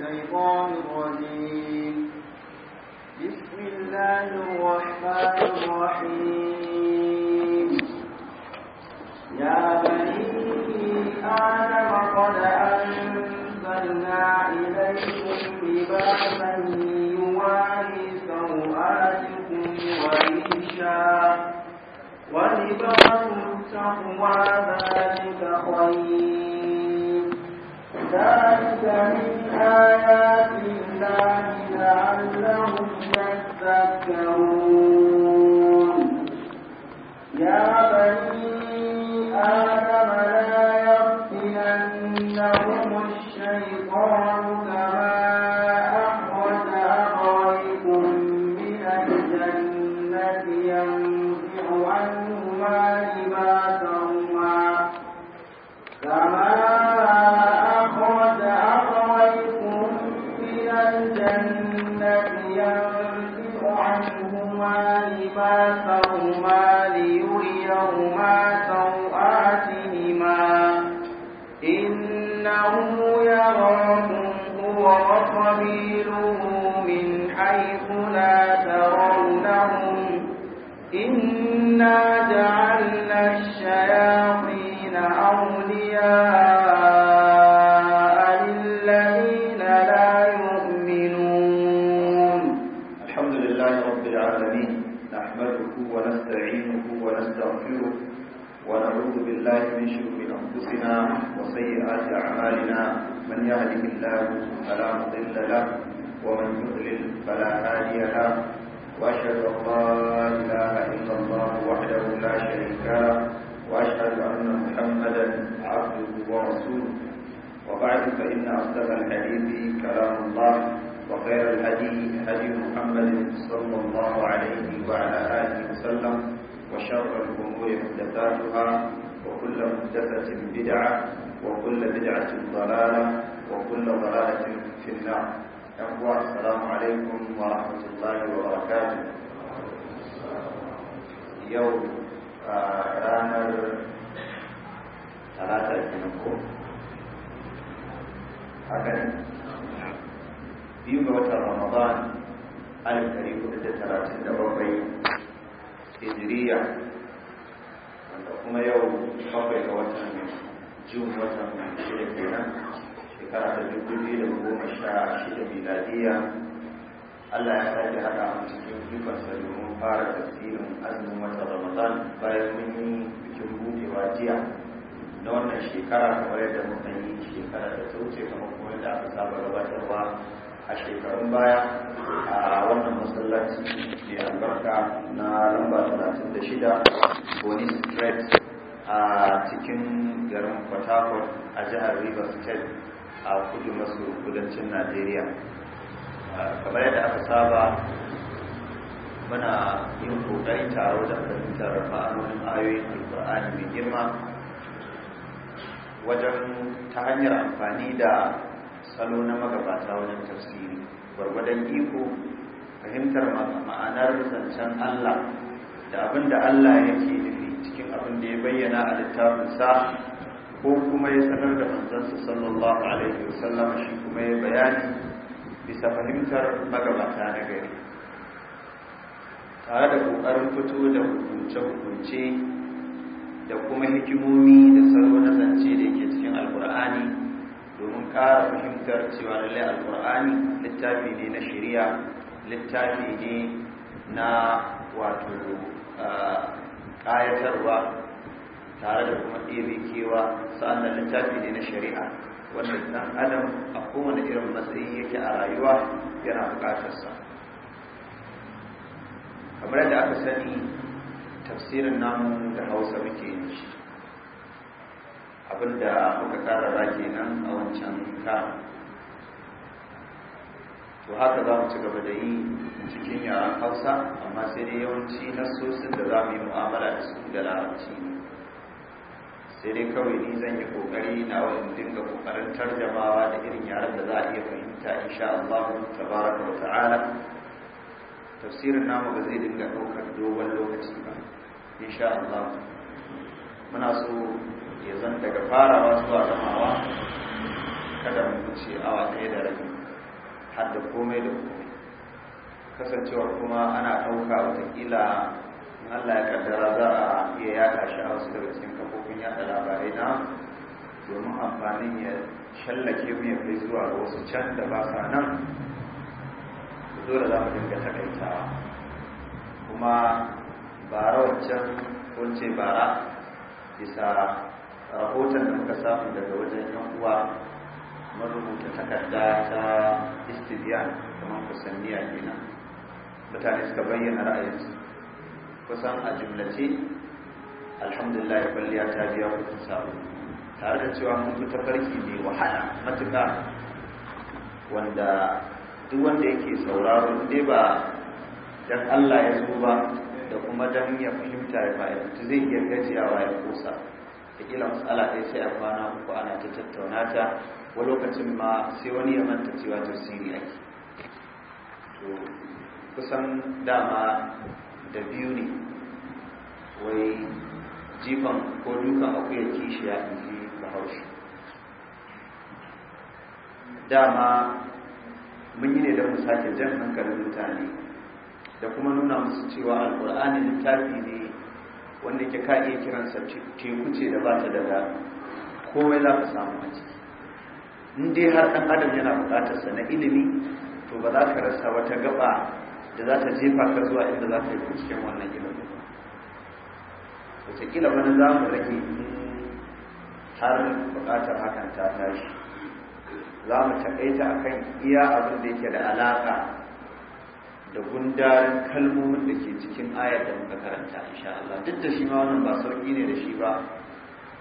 الشيطان الرجيم بسم الله الرحمن الرحيم يا بني آدم قد أنزلنا إليكم لباسا يواري سوآتكم وريشا ولباس التقوى ذلك خير ذلك من آيات الله لعلهم يذكرون يا بني آدم لا يفتننكم ورسوله وبعد فإن أصدق الحديث كلام الله وخير الهدي هدي محمد صلى الله عليه وعلى آله وسلم وشر الأمور محدثاتها وكل محدثة بدعة وكل بدعة ضلالة وكل ضلالة في النار أخوة السلام عليكم ورحمة الله وبركاته يوم آه رانر talata kenan ko haka ne biyu ga watan ramadan alif ɗari hudu da talatin da bakwai hijiriya wanda kuma yau bakwai ga watan jun watan shida kenan shekara ta dubu biyu da goma sha shida miladiya Allah ya sake haɗa mu cikin ikonsa domin fara tasirin azumin watan Ramadan bayan mun yi bikin buɗewa jiya na wannan shekara kamar yadda muka yi shekara da ta wuce kamar kuma yadda aka saba gabatarwa a shekarun baya a wannan masallaci mai albarka na lamba 36 boni street a cikin garin port a jihar rivers state a kudu maso kudancin najeriya kamar yadda aka saba muna yin kokari taro da fahimtar fa'anonin ayoyin alkur'ani mai girma wajen ta hanyar amfani da salo na magabata wajen tafsiri gwargwadon iko fahimtar ma'anar zancen Allah da abin da Allah yake nufi cikin abin da ya bayyana a littafinsa ko kuma ya sanar da manzansa sallallahu alaihi wasallam shi kuma ya bayani bisa fahimtar magabata na gari tare da ƙoƙarin fito da hukunce-hukunce da kuma hikimomi da salo na zance da yake cikin alkur'ani domin ƙara fahimtar cewa lallai alkur'ani littafi ne na shari'a littafi ne na wato ƙayatarwa tare da kuma ɗebe kewa sa'annan littafi ne na shari'a wanda ɗan adam a kowane irin matsayi yake a rayuwa yana buƙatarsa kamar yadda aka sani tafsirin namu da hausa muke yin shi abinda muka rake nan a wancan karin to haka za mu ci gaba da yi cikin yaren hausa amma sai dai yawanci na sosin da za mu yi mu'amala da su da larabci sai dai kawai ni zan yi kokari na wani dinga kokarin tarjamawa da irin yaren da za a iya fahimta insha Allah tabaraka wa ta'ala tafsirin namu ba zai dinga ɗaukar dogon lokaci ba insha Allah muna so ya zan daga farawa zuwa gamawa kada mu wuce awa ɗaya da rabi har da komai da komai kasancewar kuma ana ɗauka watakila in Allah ya kaddara za a iya yaɗa shi a wasu daga cikin kafofin yaɗa labarai na domin amfanin ya shallake mu ya kai zuwa ga wasu can da ba sa nan dole za mu dinga takaitawa kuma bara waccan kunce bara bisa rahoton da muka samu daga wajen yan uwa marubuta takarda ta istibiyan kamar kusanniya kenan mutane suka bayyana ra'ayinsu kusan a jimlace alhamdulillah kwalliya ta biya kuka sabo tare da cewa mun ta farki mai wahala matuka wanda duk wanda yake sauraro dai ba dan Allah ya zo ba da kuma don ya fahimta ya fahimta zai iya gajiyawa ya kosa da kila matsala ɗaya sai a kwana uku ana ta tattauna ta wani lokacin ma sai wani ya manta cewa ta siri ake to kusan dama da biyu ne wai jifan ko dukan akuyar kishiya in ji bahaushe dama mun yi ne don mu sake jan hankalin mutane da kuma nuna musu cewa alkur'ani littafi ne wanda ke ka iya kiransa teku ce da ba ta daga komai za ka samu a ciki in dai har ɗan adam yana buƙatarsa na ilimi to ba za ka rasa wata gaba da za ta jefa ka zuwa inda za ka yi cikin wannan ilimin ba wataƙila wani za mu rage har buƙatar hakan ta tashi za mu taƙaita akan iya abin da yake da alaƙa da gundarin kalmomin da ke cikin ayar da muka karanta insha Allah duk da shi ma wannan ba sauki ne da shi ba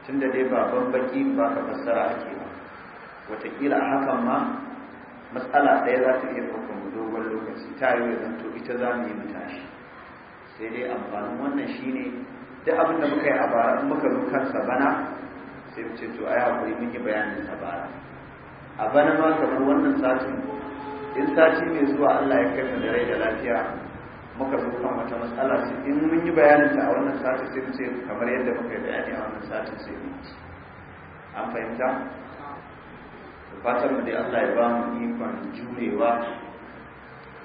tunda dai ba babbaki ba ka fassara ake ba wataƙila a hakan ma matsala ɗaya za ta iya ɗaukar mu dogon lokaci ta yi zan to ita za mu yi mu sai dai amfanin wannan shine duk abin da muka yi a bara in muka zo kansa bana sai mu ce to ai hakuri mun yi bayanin sa bara a bana ma kamar wannan satin in sati mai zuwa Allah ya kai mu da rai da lafiya muka zo kan wata matsala su in mun yi bayanin ta a wannan sati sai ce kamar yadda muka yi bayani a wannan sati sai mu an fahimta fatan mu dai Allah ya ba mu ikon jurewa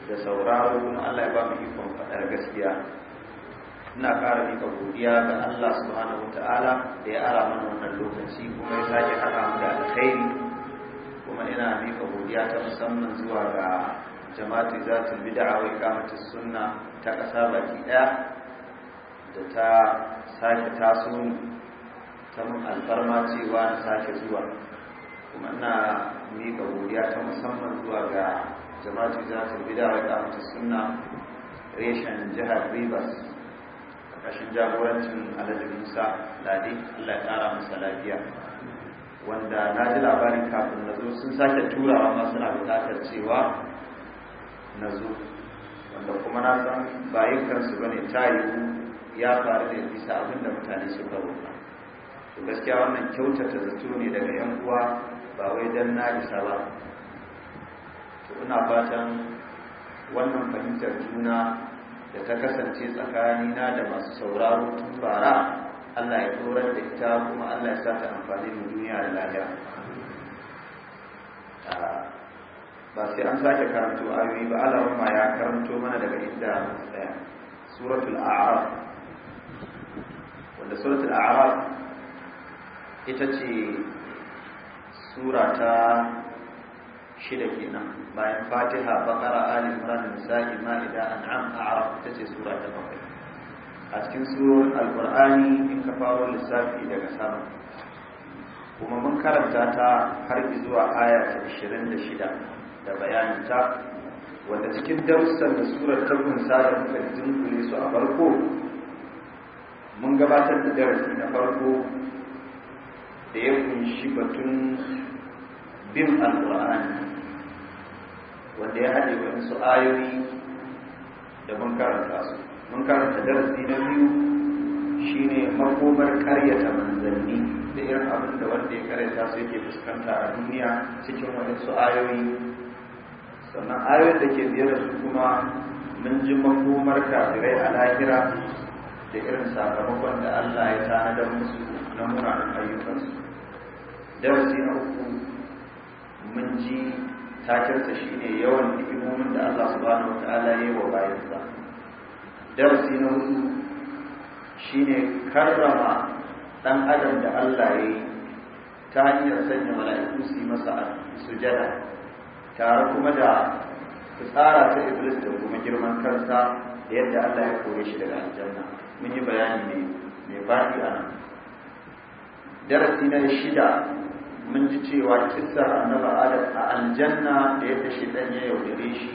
da sauraro kuma Allah ya ba mu ikon faɗar gaskiya ina ƙara mika godiya ga Allah subhanahu ta'ala da ya ara mana wannan lokaci kuma ya sake haɗa mu da alkhairi kuma ina mika godiya ta musamman zuwa ga jama'atu bi bid'a wa kamata sunna ta ƙasa baki ɗaya da ta sake taso ta mun alfarma cewa na sake zuwa kuma ina mika godiya ta musamman zuwa ga jama'atu bi bid'a wa kamata sunna reshen jihar Rivers ƙarƙashin jagorancin Alhaji Musa Ladi Allah ya ƙara musa lafiya wanda na ji labarin kafin na zo sun sake turawa ma suna bukatar cewa na zo wanda kuma na san bayan kansu bane ta ya faru ne bisa abin da mutane suka roƙa to gaskiya wannan kyautata zato ne daga yan uwa ba wai dan na isa ba to ina fatan wannan fahimtar juna da ta kasance tsakanina da masu sauraro tun bara Allah ya turar da ita kuma Allah ya sa ta amfani da duniya da lafiya ah, ba sai an sake karanto ayoyi ba Allah ma ya karanto mana daga inda tsaya suratul a'raf wanda suratul a'raf ita ce sura ta shida kenan bayan fatiha baqara ali imran nisa'i ma'ida an'am a'raf ita ce sura ta bakwai a cikin surorin alkur'ani in ka faro lissafi daga sama kuma mun karanta ta har zuwa aya ta 26 da bayanin ta wanda cikin darussan da surar ta kunsa da muka su a farko mun gabatar da darasi na farko da ya kunshi batun bin alkur'ani wanda ya haɗe wani su ayoyi da mun karanta su mun karanta darasi na biyu shine makomar karyata manzanni da irin abin da wanda ya karyata su yake fuskanta a duniya cikin waɗansu ayoyi sannan ayoyin da ke biyar da su kuma mun ji makomar kafirai a lahira da irin sakamakon da Allah ya tanadar musu na munanan ayyukansu darasi na uku mun ji takirta shi ne yawan ni'imomin da Allah subhanahu wa ta'ala ya yi wa bayansa darasi na hudu shine karrama ɗan adam da Allah ya yi ta hanyar sanya mala'iku su yi masa sujada tare kuma da tsara ta iblis da kuma girman kansa da yadda Allah ya kore shi daga aljanna mun yi bayani mai faɗi a nan darasi na shida mun ji cewa kissar annaba adam a aljanna da yadda shi dan ya yaudare shi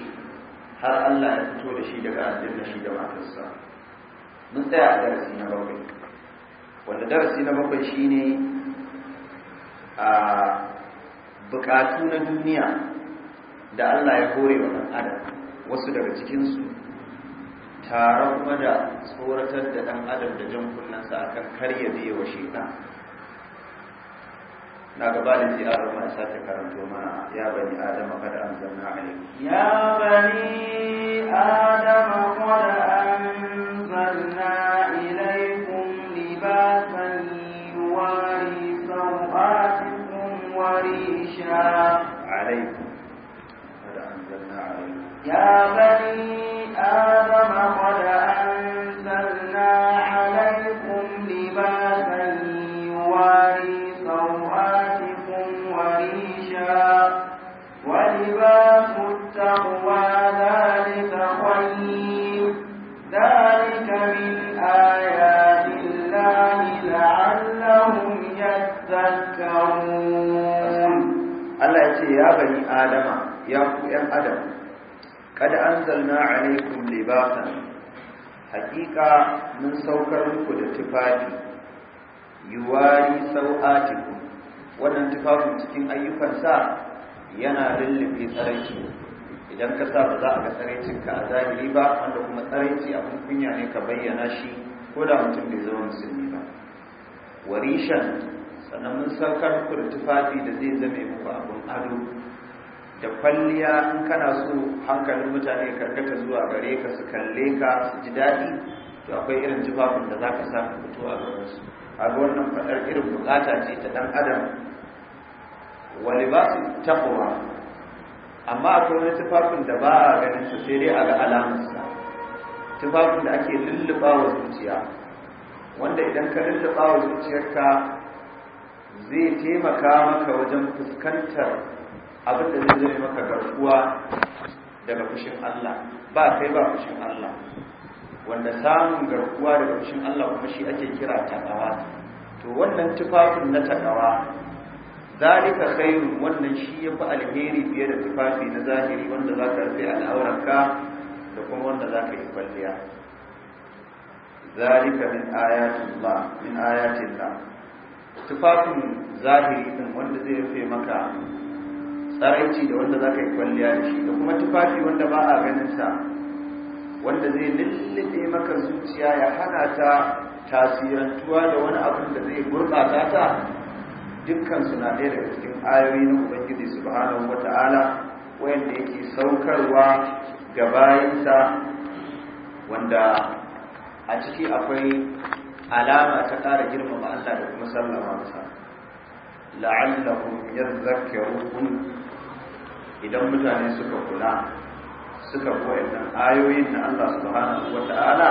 har Allah ya fito da shi daga aljanna shi da matarsa mun tsaya a darasi na bakwai wanda darasi na bakwai shine a bukatu na duniya da Allah ya kore wa ɗan adam wasu daga cikinsu tare kuma da tsoratar da ɗan adam da jan kunnansa akan karya biye wa shekara na gabanin sai an rama sake karanto mana ya bani adama kada an zanna alaikum ya bani adama kada an zanna ilaikum libasan yuwari sau'atikum wa risha alaikum kada an zanna alaikum ya bani adama kada an zanna alaikum libasan yuwari ولباس التقوى ذلك خير ذلك من آيات الله لعلهم يتذكرون الله يقول يا بني آدم يا أخوان آدم قد أنزلنا عليكم لباسا حقيقة من سوكر لكم تفاتي يواري سوآتكم wannan tufafin cikin ayyukansa yana lullube tsaraici idan ka sa ba za a ga tsaraicinka a zahiri ba wanda kuma tsaraici abin kunya ne ka bayyana shi ko da mutum bai zama musulmi ba warishan sannan mun saukar ku da tufafi da zai zame muku abin ado da kwalliya in kana so hankalin mutane karkata zuwa gare ka su kalle ka su ji daɗi to akwai irin tufafin da za ka sa ka fito a gabansu a wannan faɗar irin bukata ce ta ɗan adam wa libasu taqwa amma akwai wani tufafin da ba a ganin su sai dai a ga alamarsa tufafin da ake lulluɓa wa zuciya wanda idan ka lullubawa wa zuciyarka zai taimaka maka wajen fuskantar abin da zai zai maka garkuwa daga fushin Allah ba kai ba fushin Allah wanda samun garkuwa daga fushin Allah kuma shi ake kira takawa to wannan tufafin na takawa zalika khairu wannan shi yafi alheri fiye da tufafi na zahiri wanda zaka rufe al'auranka da kuma wanda ذلك yi ايات zalika min ايات الله صفات tufafin zahiri din wanda zai rufe maka tsaraici da wanda ka yi kwalliya da shi da kuma tufafi wanda ba a ganin sa wanda zai lullube maka zuciya ya hana ta tasirantuwa da wani abin da zai gurɓata ta dukkan su na ɗaya daga cikin ayoyi na ubangiji subhanahu wata'ala wanda yake saukarwa ga bayinsa wanda a ciki akwai alama ta ƙara girmama Allah da kuma sallama masa la'allahu yadhakkarun idan mutane suka kula suka bi wayannan ayoyin na Allah subhanahu wata'ala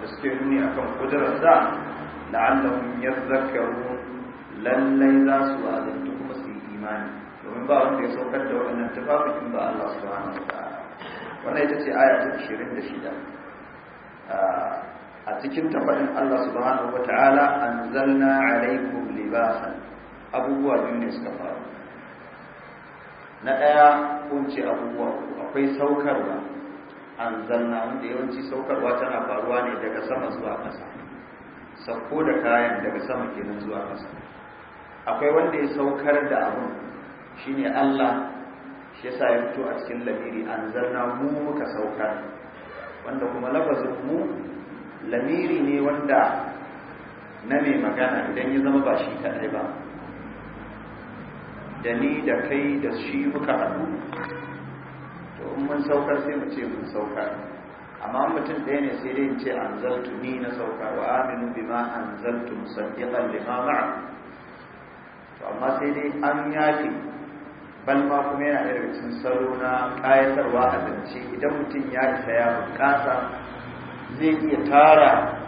da suke nuni akan kudurarsa la'allahu yadhakkarun lallai za su wa'azantu kuma su yi imani domin ba wanda ya saukar da waɗannan tufafin ba Allah subhanahu wa ta'ala wannan ita ce aya ta shida a cikin tafaɗin Allah subhanahu wa ta'ala an zalna alaikum libasan abubuwa biyu ne suka faru na ɗaya kunce abubuwa akwai saukarwa an zalna wanda yawanci saukarwa tana faruwa ne daga sama zuwa ƙasa sakko da kayan daga sama kenan zuwa ƙasa akwai wanda ya saukar da abu ne Allah shi yasa ya fito a cikin lamiri zarna mu muka saukar wanda kuma lafazin mu lamiri ne wanda na mai magana idan ya zama ba shi kaɗai ba da ni da kai da shi muka haɗu to in mun saukar sai mu ce mun saukar amma mutum ɗaya ne sai dai ce anzaltu ni na sauka. wa aminu bima anzaltu musaddiqan lima ma'a amma sai dai an yafi ma kuma yana da cikin salo na kayatarwa a dace idan mutum ya isa ya bukasa zai iya tara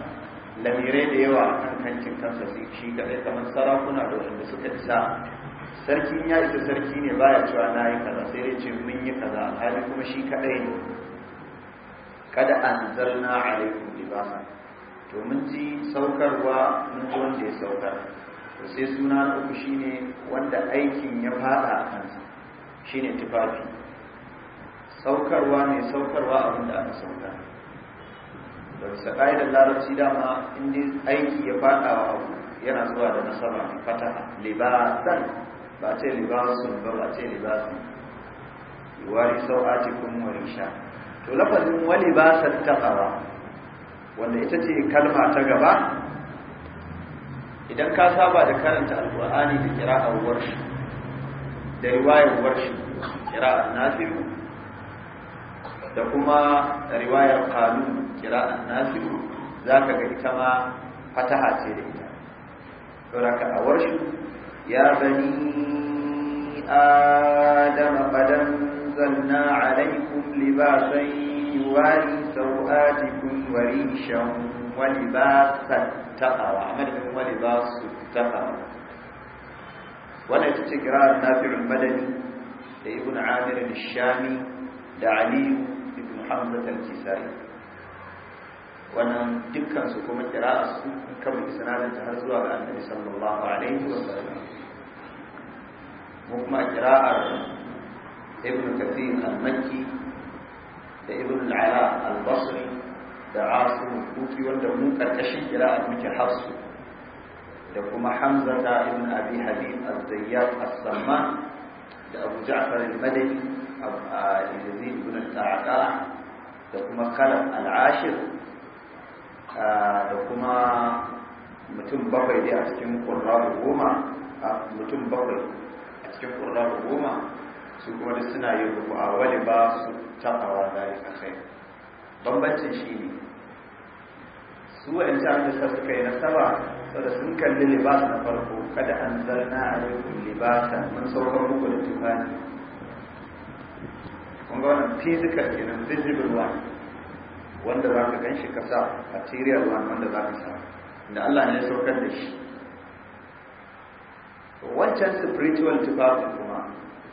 lamirai da yawa a kan hancin kansa sai shi kaɗai kamar sarakuna da wanda suka isa sarkin ya isa sarki ne baya cewa na yi kaza sai dai ce mun yi kaza hali kuma shi kaɗai ne kada an zarna alaikum libasa to mun ji saukarwa mun ji wanda ya saukar to sai suna na uku shine wanda aikin ya fada a kansa shine tufafi saukarwa ne saukarwa abin da aka sauka da bisa ƙa'idar larabci dama in aiki ya fada wa abu yana zuwa da nasaba mai fata libasan ba ce libasun ba ba ce libasun yuwari kun wani sha. to lafazin wa libasat taqwa wanda ita ce kalma ta gaba idan ka saba da karanta Alƙur'ani da kira'ar warshi da riwayar warshi kira'ar nasiru da kuma riwayar kira'ar nasiru za ka ga ita ma fataha ce da ita saboda ka a warshi ya bani آدم قد أنزلنا yi لباسا sau'adikun wari shan. ولباس التقوى عملهم ولباس التقوى وانا تتقرار نافع المدني لابن عامر الشامي لعلي بن حمزة الكسائي وانا دكان سكومة قراءة كم سنة تهرزوا على النبي صلى الله عليه وسلم مكما قراءة ابن كثير المكي لابن العلاء البصري da asim kufi wanda mun karkashin a muke harsu. da kuma hamza ta ibn abi habib az-zayyad as-samman da abu ja'far al-madani yazid ibn al-ta'qa da kuma khalaf al-ashir da kuma mutum bakwai dai a cikin qurra'u goma mutum bakwai a cikin qurra'u goma su kuma suna yin ruku a wali ba su taqawa a khair bambancin shi ne su wa'ancan da suka yi nasaba saboda sun kalli libasa na farko kada an zarna a yankin libasa mun saukar muku da tufani kun ga wannan physical kenan visible one wanda za ka ganshi ka a material one wanda za ka sa da Allah ne ya saukar da shi wancan spiritual tufafin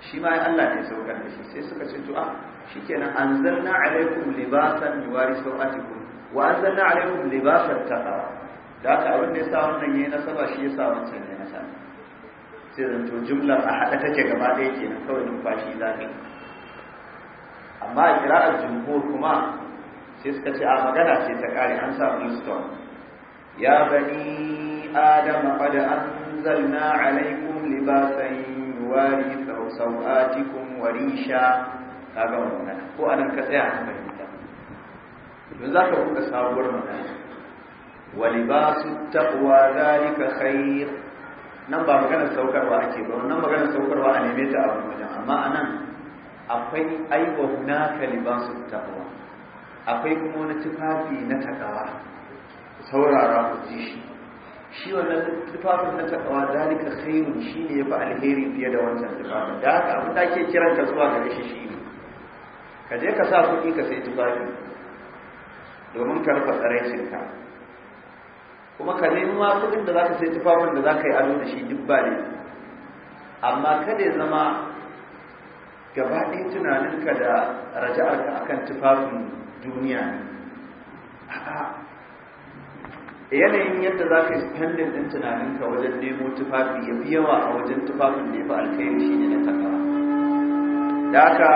shi ma Allah ne saukar da shi sai suka ce to a ah, shikenan anzalna alaikum libasan yuwari sawatikum wa anzalna alaikum libasan taqwa da haka abin da sa wannan na nasaba shi ya yasa wancan na nasaba sai zan to jumlar a hada take gaba ɗaya kenan kawai numfashi za ka yi amma a kira'ar jumhur kuma sai suka ce a ah, magana ce ta kare an sa bluestone ya bani adama qad anzalna alaikum libasan yuwari sau'atikum wa risha kaga wannan ko anan ka tsaya a fahimta don za ka kuka sabuwar mana wa libasu taqwa zalika khair nan ba maganar saukarwa ake ba wannan maganar saukarwa a neme ta abu wajen amma anan akwai ai wa hunaka libasu taqwa akwai kuma wani tufafi na takawa saurara ku ji shi shi wannan tufafin na takawa dalika khairu shi ne ya fi alheri fiye da wancan tufafin da haka abin da ake kiran ka zuwa gare shi shi ne ka je ka sa kuɗi ka sai tufafi domin ka rufe ka, kuma ka nemi ma kuɗin da za ka sai tufafin da za ka yi ado da shi duk ba ne amma kada ya zama gaba ɗaya tunaninka da raja'arka akan tufafin duniya a'a yanayin yadda za ka yi standin din tunaninka wajen nemo tufafi ya fi yawa a wajen tufafin da ya fi alkhairi shi ne na takawa da aka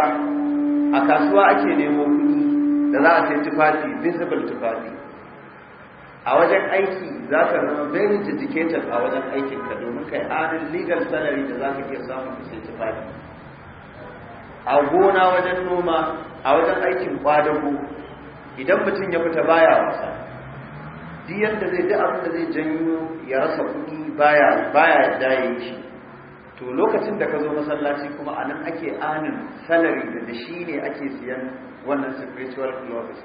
a kasuwa ake nemo kudi da za a sai tufafi visible tufafi a wajen aiki za ka zama very dedicated a wajen aikinka domin kai anin legal salary da za ka iya samun ka sai tufafi a gona wajen noma a wajen aikin kwadago idan mutum ya fita baya wasa duk da zai duk abin da zai janyo ya rasa kuɗi baya baya da yake to lokacin da ka zo masallaci kuma a nan ake anin salari da da shi ne ake siyan wannan spiritual clothes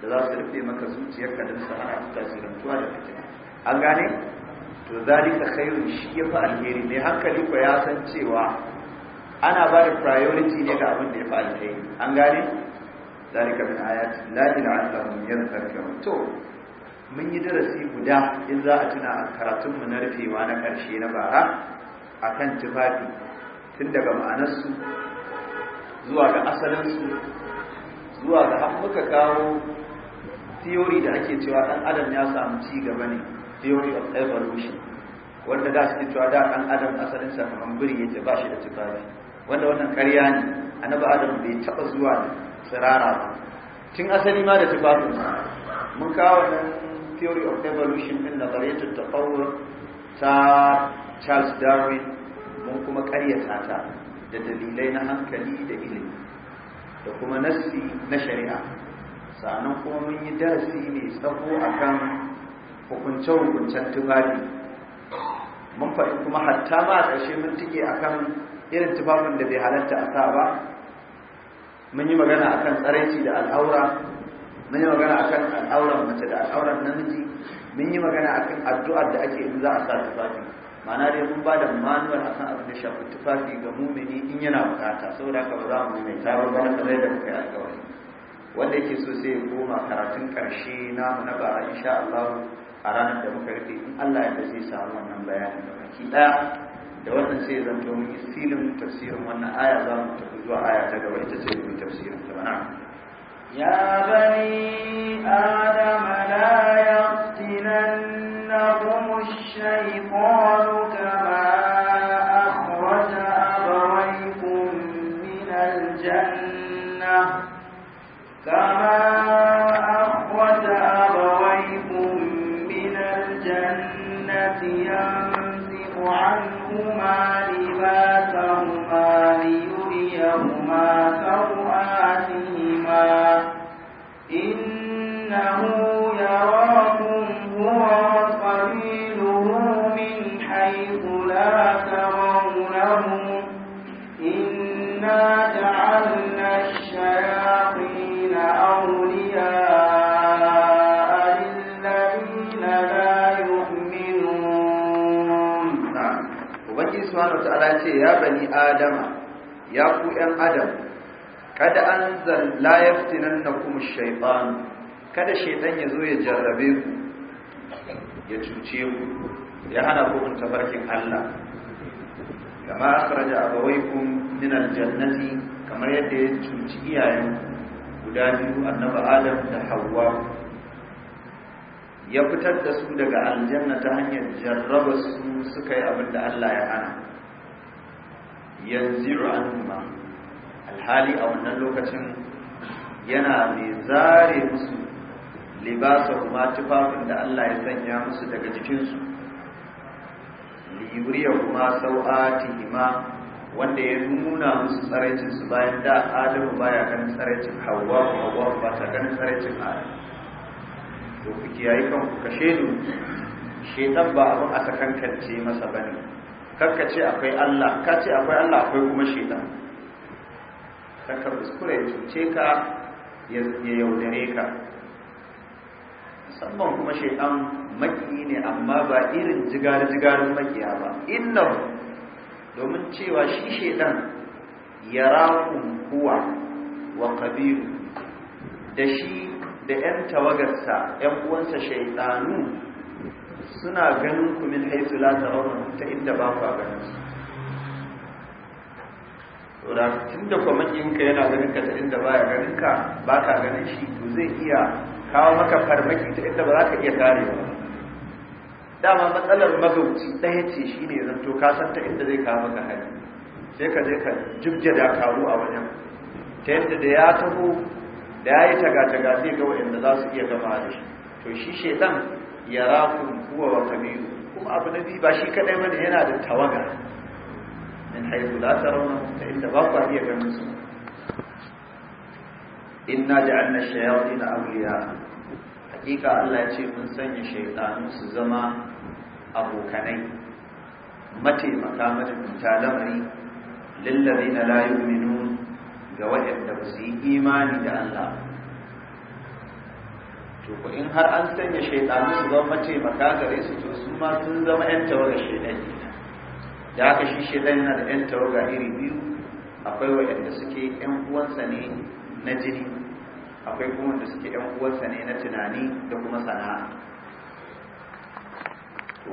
da za su rufe maka zuciyarka don su a ta tuwa da fitina an gane to zalika khairun shi ya fi alheri ne hankali ko ya san cewa ana ba da priority ne ga abin da ya fi alheri an gane zalika min ayati lahi la'allahum yadhakkarun to mun yi darasi guda in za a tuna a karatunmu na rufewa na ƙarshe na bara a kan tufafi tun daga ma'anarsu zuwa ga asalinsu zuwa ga muka kawo theory da ake cewa ɗan adam ya samu ci gaba ne theory of evolution wanda da suke cewa da ɗan adam asalinsa kamar biri yake ba shi da tufafi wanda wannan ƙarya ne annabi adam bai taɓa zuwa tsirara ba tun asali ma da tufafinsa mun kawo theory of evolution din nazariyatul tafawur ta Charles Darwin mun kuma ƙaryata ta da dalilai na hankali da ilimi da kuma nassi na shari'a sannan kuma mun yi darasi mai tsawo akan hukunce-hukuncen tufafi mun faɗi kuma hatta ba a ƙarshe mun tike akan irin tufafin da bai halatta a sa ba mun yi magana akan tsaraici da al'aura mun yi magana akan al'auran mace da al'auran namiji mun yi magana akan addu'ar da ake yi za a sa tufafi ma'ana dai mun ba da manuwar akan abin da shafi tufafi ga mumini in yana bukata saboda haka ba za mu mai tarar ba na kamar da kuka yi alkawari wanda yake so sai ya koma karatun karshe namu na bara insha Allah a ranar da muka rufe in Allah ya zai samu wannan bayanin da baki daya da wannan sai zan domin silin tafsirin wannan aya za mu tafi zuwa aya ta gaba ita ce mu tafsirin ta bana يا بني آدم لا يفتننكم الشيطان كما أخرج أبويكم من الجنة كما ya ce ya bani adama ya ku ‘yan adam kada an zalla ya nan na kuma shaifan kada shaitan ya zo ya jarrabe ku ya cuce ku ya hana ku tafarkin Allah kama abawai kun min jannati, kamar yadda ya cuci iyayen guda biyu annabi Adam da hawa ya fitar da su daga aljanna ta hanyar jarraba su suka yi abin da Allah ya hana yanziru anhuma alhali a wannan lokacin yana mai zare musu libasa kuma tufafin da Allah ya sanya musu daga jikinsu libriya kuma ma wanda ya nuna musu tsaraicinsu bayan da adamu baya ganin tsaraicin hawa hawa ba ta ganin tsaraicin adam to kuke yayi kashe ni shedan ba abin a sakankance masa bane karka ce akwai Allah ka ce akwai Allah akwai kuma shaitan karka kuskure ya cuce ka ya yaudare ka musamman kuma shaitan maki ne amma ba irin jigar-jigarin makiya ba inna domin cewa shi shaitan ya rakun kuwa wa kabiru da shi da 'yan tawagarsa 'yan uwansa shaitanu suna ganin ku min haitu la tarawun ta inda ba ku ganin su to da tunda kwamakin ka yana ganin ka ta inda baya ganin ka ba ka ganin shi to zai iya kawo maka farmaki ta inda ba za ka iya kare ba dama matsalar magauci ɗaya ce shi ne zanto ka san ta inda zai kawo maka hari sai ka je ka jibje da karu a wajen ta yadda da ya taho da ya yi taga-taga zai ga wa'anda za su iya gama da shi to shi shaitan yarakum huwa wa qabilu kuma abu biyu ba shi kadai bane yana da tawaga haifu za ta rauna, ta inda ba ku iya ganin su inna ja'alna shayatin awliya hakika Allah ya ce mun sanya shaytanu su zama abokanai mataimaka mataimaka lamari na layu minu ga waɗanda ba su yi imani da Allah to ko in har an sanya shaidanu su zama mataimaka gare su to su ma sun zama yan tawaga shaidan da haka shi shaidan yana da yan tawaga iri biyu akwai waɗanda suke yan uwansa ne na jini akwai kuma wanda suke yan uwansa ne na tunani da kuma sana'a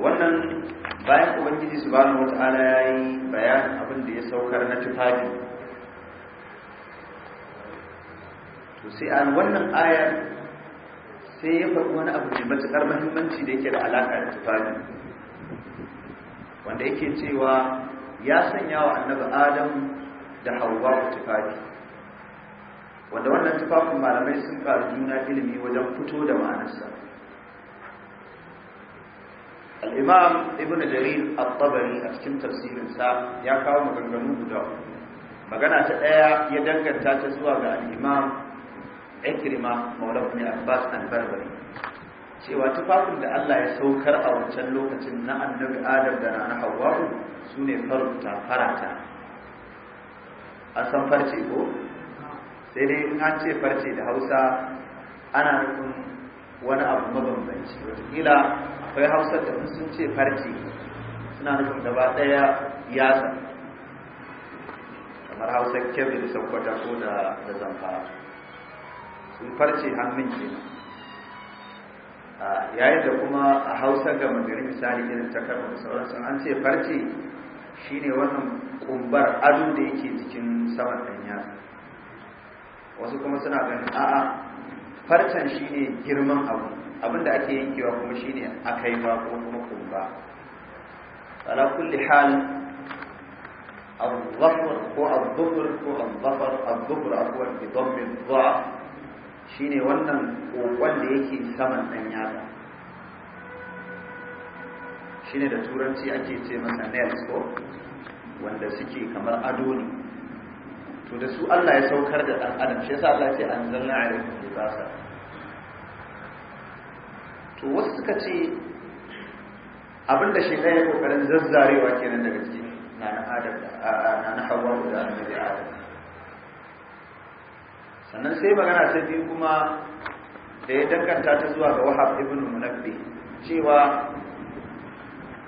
wannan bayan ubangiji subhanahu wata'ala ya yi bayanin abin da ya saukar na tufafi to sai an wannan ayar sai ya faɗi wani abu mai matuƙar mahimmanci da yake da alaƙa da tufafi wanda yake cewa ya sanya wa annabi adam da hauwa tufafi wanda wannan tufafin malamai sun ƙaru juna ilimi wajen fito da ma'anarsa al'imam ibn jarir al-tabari a cikin tafsirinsa ya kawo maganganu guda magana ta ɗaya ya danganta ta zuwa ga al'imam ikrima maula ibn abbas al-barbari cewa tufafin da Allah ya saukar a wancan lokacin na annabi adam da rana hawwa su ne farta farata A san farce ko sai dai in an ce farce da hausa ana nufin wani abu mabambanci wataƙila akwai hausar da sun ce farce suna nufin gaba ɗaya yasa kamar hausar kebbi da sakkwata ko da zamfara sun farce hannun kenan yayin da kuma a hausa ga magari misali irin ta karfa da sauransu an ce farce shine wannan kumbar ado da yake cikin saman ɗan yatsa wasu kuma suna ganin a'a farcen shine girman abu abinda ake yankewa kuma shine kai ba ko kuma kumba ala kulli hal الظفر هو الظفر هو الظفر الظفر عفوا بضم الضعف shine wannan kokon da yake saman ɗan yatsa shine da turanci ake ce masa nails ko wanda suke kamar ado ne to da su Allah ya saukar da ɗan adam shi yasa Allah ya ce anzalna alaikum libasa to wasu suka ce abinda shi ne kokarin zazzarewa kenan daga ciki na na adam na na hawa da annabi adam sannan sai magana ta biyu kuma da ya danganta ta zuwa ga wahab ibn munabbi cewa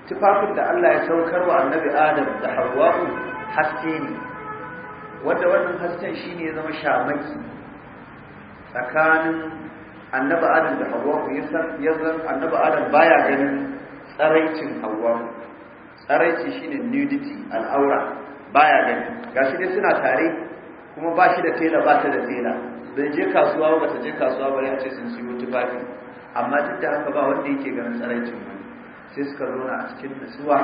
tufafin da Allah ya saukar wa annabi adam da hawwa'u haske ne wanda wannan hasken ne ya zama shamaki tsakanin annabi adam da hawwa'u yasan yazan annabi adam baya ganin tsaraicin tsaraicin tsaraici shine nudity al'aura baya gani gashi dai suna tare kuma ba shi da tela ba ta da tela bai je kasuwa ba ta je kasuwa ba ya ce sun siyo tufafi amma duk da haka ba wanda yake ganin tsaraicin wani sai suka zauna a cikin nutsuwa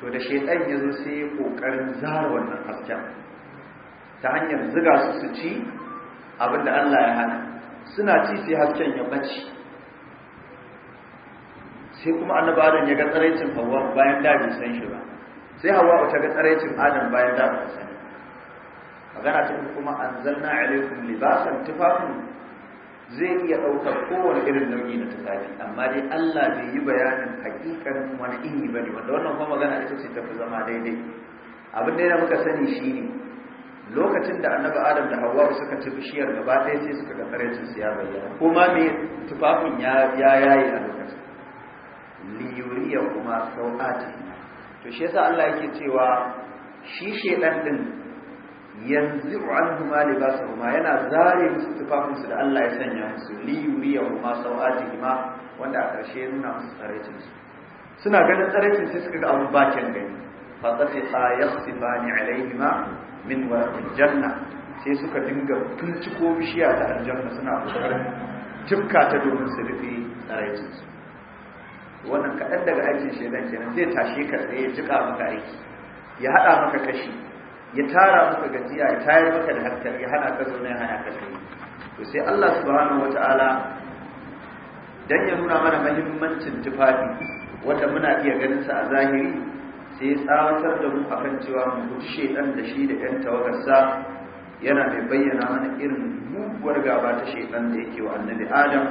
to da shaidan ya zo sai ya kokarin zara wannan hasken ta hanyar ziga su su ci abin da Allah ya hana suna ci sai hasken ya bace sai kuma annabi adam ya ga tsaraicin hawa bayan da ya san shi ba sai hawa ta ga tsaraicin adam bayan da bai san magana ta kuma an a laifin libasan tufafin zai iya ɗaukar kowane irin nau'i na tufafi amma dai Allah bai yi bayanin hakikar wani iri bane wanda wannan kuma magana ita ce tafi zama daidai abin da yana muka sani shine lokacin da annabi adam da hawa suka ci bishiyar gaba ɗaya sai suka ga karancin su ya bayyana kuma me tufafin ya ya yayi a lokacin liyuriya kuma sau'ati to shi yasa Allah yake cewa shi shedan din yanzu anhuma libasahuma yana zare musu tufafinsu da Allah ya sanya musu li sawatihima wanda a karshe ya nuna musu tsaraicin su suna ganin tsaraicin sai suka ga abu bakin gani fa tafiqa yakhsifani alaihima min warqil janna sai suka dinga tunciko bishiya ta aljanna suna kokarin tufka ta domin su rufe tsaraicin su wannan kaɗan daga aikin shaidan kenan zai tashe ka tsaye ya jika maka aiki ya haɗa maka kashi ya tara maka gajiya ya tayar maka da hankali ya hana ka zaune ya hana ka tsaye to sai Allah subhanahu wata'ala dan ya nuna mana mahimmancin tufafi wanda muna iya ganin sa a zahiri sai ya tsawatar da mu akan cewa mu guji shedan da shi da ƴan tawagarsa yana mai bayyana mana irin muguwar gaba ta shedan da yake wa annabi Adam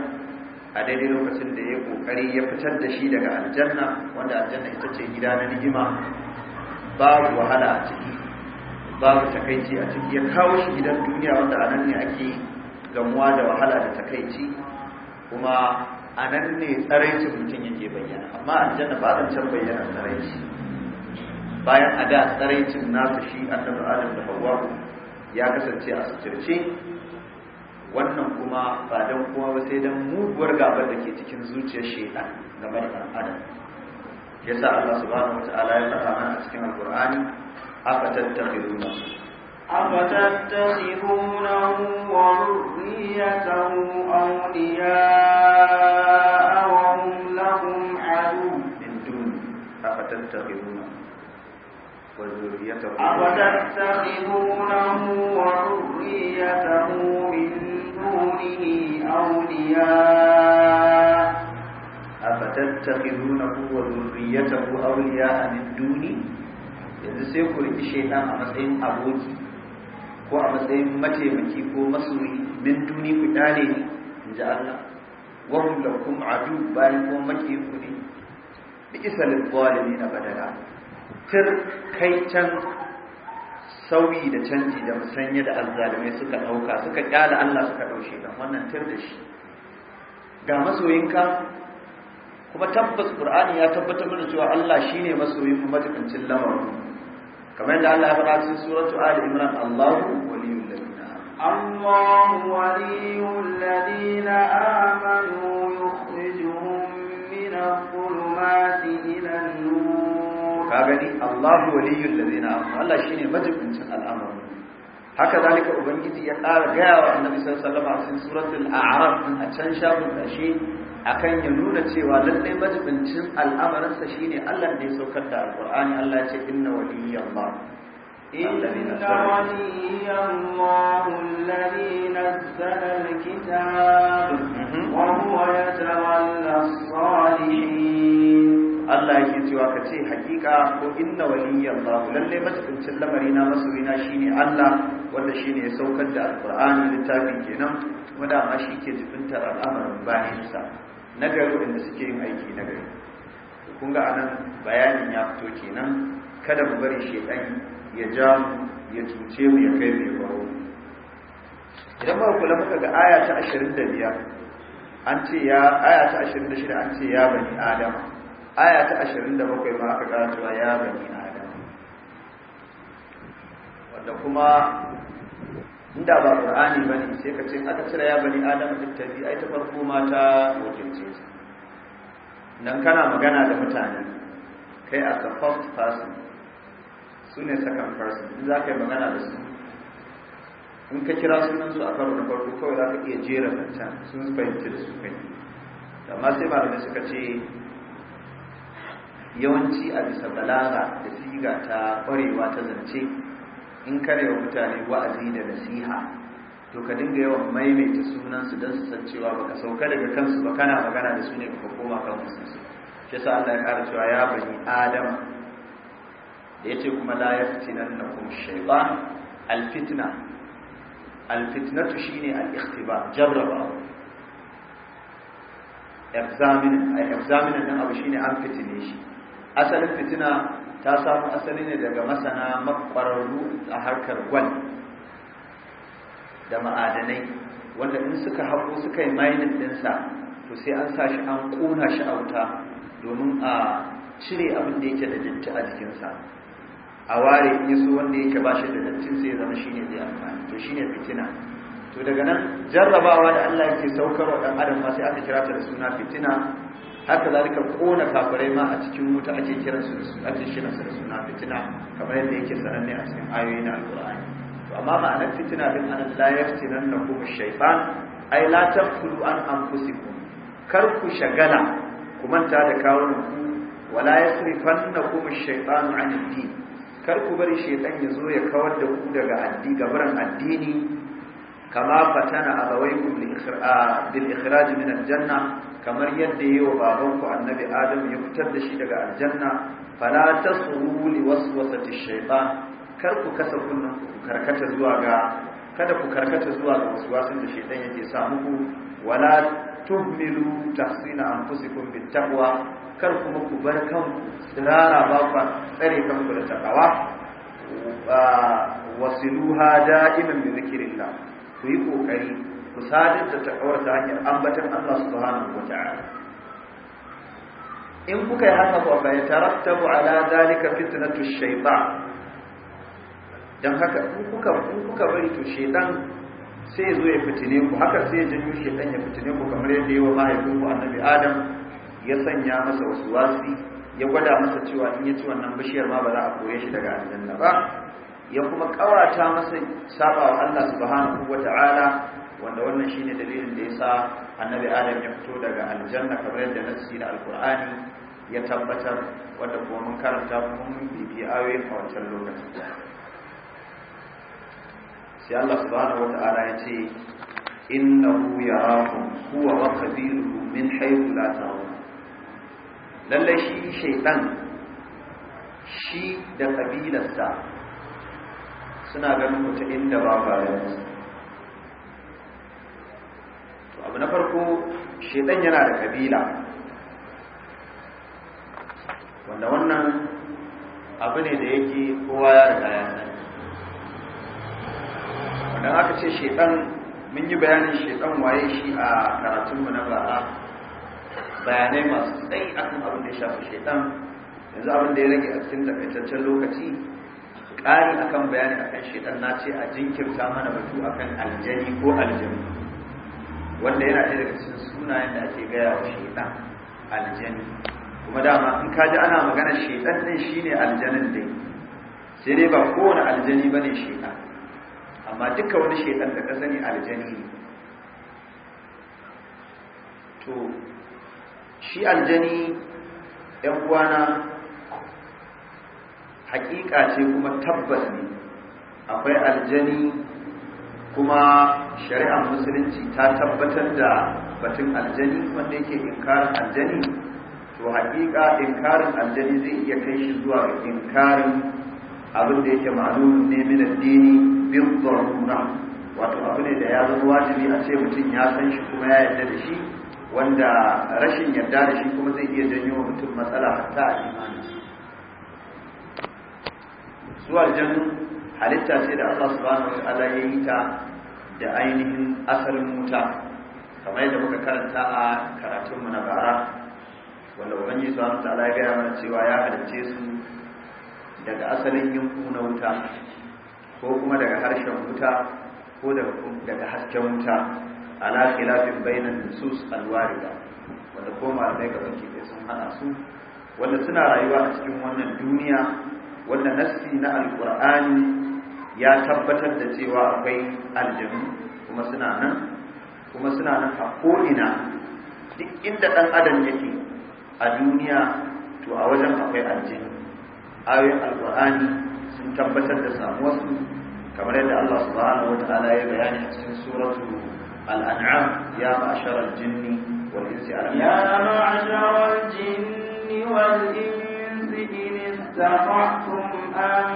a daidai lokacin da ya kokari ya fitar da shi daga aljanna wanda aljanna ita ce gida na ni'ima babu wahala a ciki babu takaici a ciki ya kawo shi gidan duniya wanda a nan ne ake gamuwa da wahala da takaici kuma a nan ne tsaraici mutum yake bayyana amma aljanna ba zan can bayyana tsaraici bayan a da tsaraicin nasu shi annabi adam da hawa ya kasance a suturce wannan kuma ba don kuma ba sai don muguwar gabar da ke cikin zuciyar shaitan game da ɗan adam yasa Allah subhanahu wa ta'ala ya faɗa mana a cikin alqur'ani أفتتخذونه أفتتخذونه وذريته أولياء وهم لهم عدو من دون أفتتخذونه وذريته أفتتخذونه وذريته من دونه أولياء أفتتخذونه وذريته أولياء من دوني yanzu sai ku riƙi shaitan a matsayin aboki ko a matsayin mataimaki ko masoyi min duni ku dale ni in ji Allah wa hum lakum adu bayan kuma maki ku ne bi isalil zalimin badala tir kai can sauyi da canji da musanya da azzalimai suka ɗauka suka ƙyala Allah suka ɗaushe da wannan tir da shi ga masoyinka kuma tabbas Qur'ani ya tabbatar mana cewa Allah shine masoyin kuma tukuncin lamarin kamar yadda Allah ya faɗa cikin suratu Ali Imran Allahu waliyul ladina Allahu waliyul ladina amanu yukhrijuhum min adh-dhulumati ila an-nur ka gani Allahu waliyul ladina amanu Allah shine majibincin al'amari haka zalika ubangiji ya ƙara gaya wa annabi sallallahu alaihi wasallam a cikin suratul a can shafin akan ya nuna cewa lallai majibincin al'amarinsa shine Allah ne saukar da alqur'ani Allah ya ce inna waliyallah إن ولي الله الذي wa huwa yatawalla as-salihin Allah yake cewa ka ce hakika ko inna waliyallahu lalle majibincin lamari na masoyina shine Allah wanda shine ya saukar da alqur'ani littafin kenan kuma dama shi ke jibintar al'amarin bayansa na gari suke yin aiki na gari kun ga anan bayanin ya fito kenan kada mu bari shedan ya ja mu ya cuce mu ya kai mai ya baro idan ba kula muka ga aya ta 25 an ce ya aya ta 26 an ce ya bani adam aya ta 27 ma aka karanta ya bani adam wanda kuma inda ba qur'ani bane sai ka ce aka cire ya bani adam duk tabi ai ta farko mata wajince su nan kana magana da mutane kai as a first person su ne second person in za ka yi magana da su in ka kira sunan su a karo na farko kawai za ka iya jera zancen sun fahimci da su kai amma sai malamai suka ce yawanci a bisa balaga da siga ta ƙwarewa ta zance in kare wa mutane wa'azi da nasiha to ka dinga yawan maimaita sunansu don su san cewa baka sauka daga kansu ba kana magana da su ne baka koma kan musu shi yasa Allah ya ƙara cewa ya bani adam da yace kuma la yaftinannakum shaytan alfitna alfitnatu shine al-ikhtiba jarraba examine examine nan abu shine an fitine shi asalin fitina ta samu asali ne daga masana makwararru a harkar gwal da ma'adanai wanda in suka haƙo suka yi mainin ɗinsa to sai an sa shi an ƙona shi a wuta domin a cire abin da yake da datti a jikinsa a ware in so wanda yake ba shi da datti sai zama shine zai amfani to shine fitina to daga nan jarrabawa da Allah yake saukar wa dan adam ma sai aka kira ta da suna fitina haka zalika kona kafirai ma a cikin wuta ake kiran su da cikin su da suna fitina kamar yadda yake sananne a cikin ayoyi na alqur'ani to amma ma'anar fitina din anan la yaftinannakum ash-shaytan ay la taqulu an anfusikum kar ku shagala ku manta da kawun ku wala yasrifannakum ash-shaytan an din kar ku bari shaytan ya zo ya kawar da ku daga addini gabaran addini kama fatana abawaykum bil ikhraj min al kamar yadda yayi wa babanku annabi adamu ya fitar da shi daga aljanna fala tasru li waswasati shaytan kar ku kasa kunnan ku karkata zuwa ga kada ku karkata zuwa ga waswasin da shaytan yake sa muku wala tuhmilu tahsina anfusikum bit taqwa kar kuma ku bar kanku tsirara ba ku tsare kanku da taqwa wasiluha da'iman bi zikrillah ku yi kokari ku sadar da takawar ta hanyar ambatan Allah subhanahu ta'ala in kuka yi haka ku fa tarattabu ala zalika fitnatu shaytan dan haka in kuka in kuka bari to shaytan sai zo ya fitine ku haka sai ya janyo shaytan ya fitine ku kamar yadda yawa mahaifinku annabi Adam ya sanya masa wasu wasi ya gwada masa cewa in ya ci wannan bishiyar ma ba za a kore shi daga aljanna ba ya kuma ƙawata masa wa Allah subhanahu wata'ala wanda wannan shine dalilin da yasa annabi Adam ya fito daga aljanna kamar yadda nassi da alqur'ani ya tabbatar wanda kuma mun karanta mun bibi awe a wancan lokacin sai Allah subhanahu wata'ala ya ce innahu yarakum huwa wa qabiluhu min haythu la tarawun lalle shi shaytan shi da kabilarsa suna ganin ku ta inda ba yi. su abu na farko shedan yana da kabila wanda wannan abu ne da yake kowa ya da ya sani wanda aka ce shedan mun yi bayanin shedan waye shi a karatunmu na a bayanai masu tsayi akan abin da ya shafi shedan yanzu abin da ya rage a cikin takaitaccen lokaci ƙari akan bayani akan shaitan na ce a jinkirta mana batu akan aljani ko aljanu wanda yana ɗaya daga cikin sunayen da ake gaya wa shaitan aljani kuma dama in ka ji ana magana shaitan ɗin shine aljanin dai sai dai ba kowane aljani bane shaitan amma duka wani shaitan da ka sani aljani ne to shi aljani ‘yan uwana haƙiƙa ce kuma tabbas ne akwai aljani kuma shari'ar musulunci ta tabbatar da batun aljani wanda yake inkarin aljani to haƙiƙa inkarin aljani zai iya kai shi zuwa inkarin abin da yake ma'lumin ne min addini bin darura wato abu ne da ya zama wajibi a ce mutum ya san shi kuma ya yarda da shi wanda rashin yarda da shi kuma zai iya janyo mutum matsala hatta a su? zuwa Jan halitta ce da Allah subhanahu wa ta'ala ya yi ta da ainihin asalin wuta kamar yadda muka karanta a karatunmu na bara wanda ubangiji subhanahu wa ta'ala ya gaya mana cewa ya halicce su daga asalin yin kuna wuta ko kuma daga harshen wuta ko daga hasken wuta ala khilafin bainan nusus alwarida wanda ko malamai ga baki sun hana su wanda suna rayuwa a cikin wannan duniya wanda nassi na alkur'ani ya tabbatar da cewa akwai aljanu kuma suna nan kuma suna nan a ko'ina duk inda ɗan adam yake a duniya to a wajen akwai aljanu ayoyin alkur'ani sun tabbatar da samuwarsu kamar yadda Allah subhanahu wa ta'ala ya bayani a cikin suratu al'an'am ya ma'ashar aljinni wal insi ya ma'ashar wal insi استطعتم أن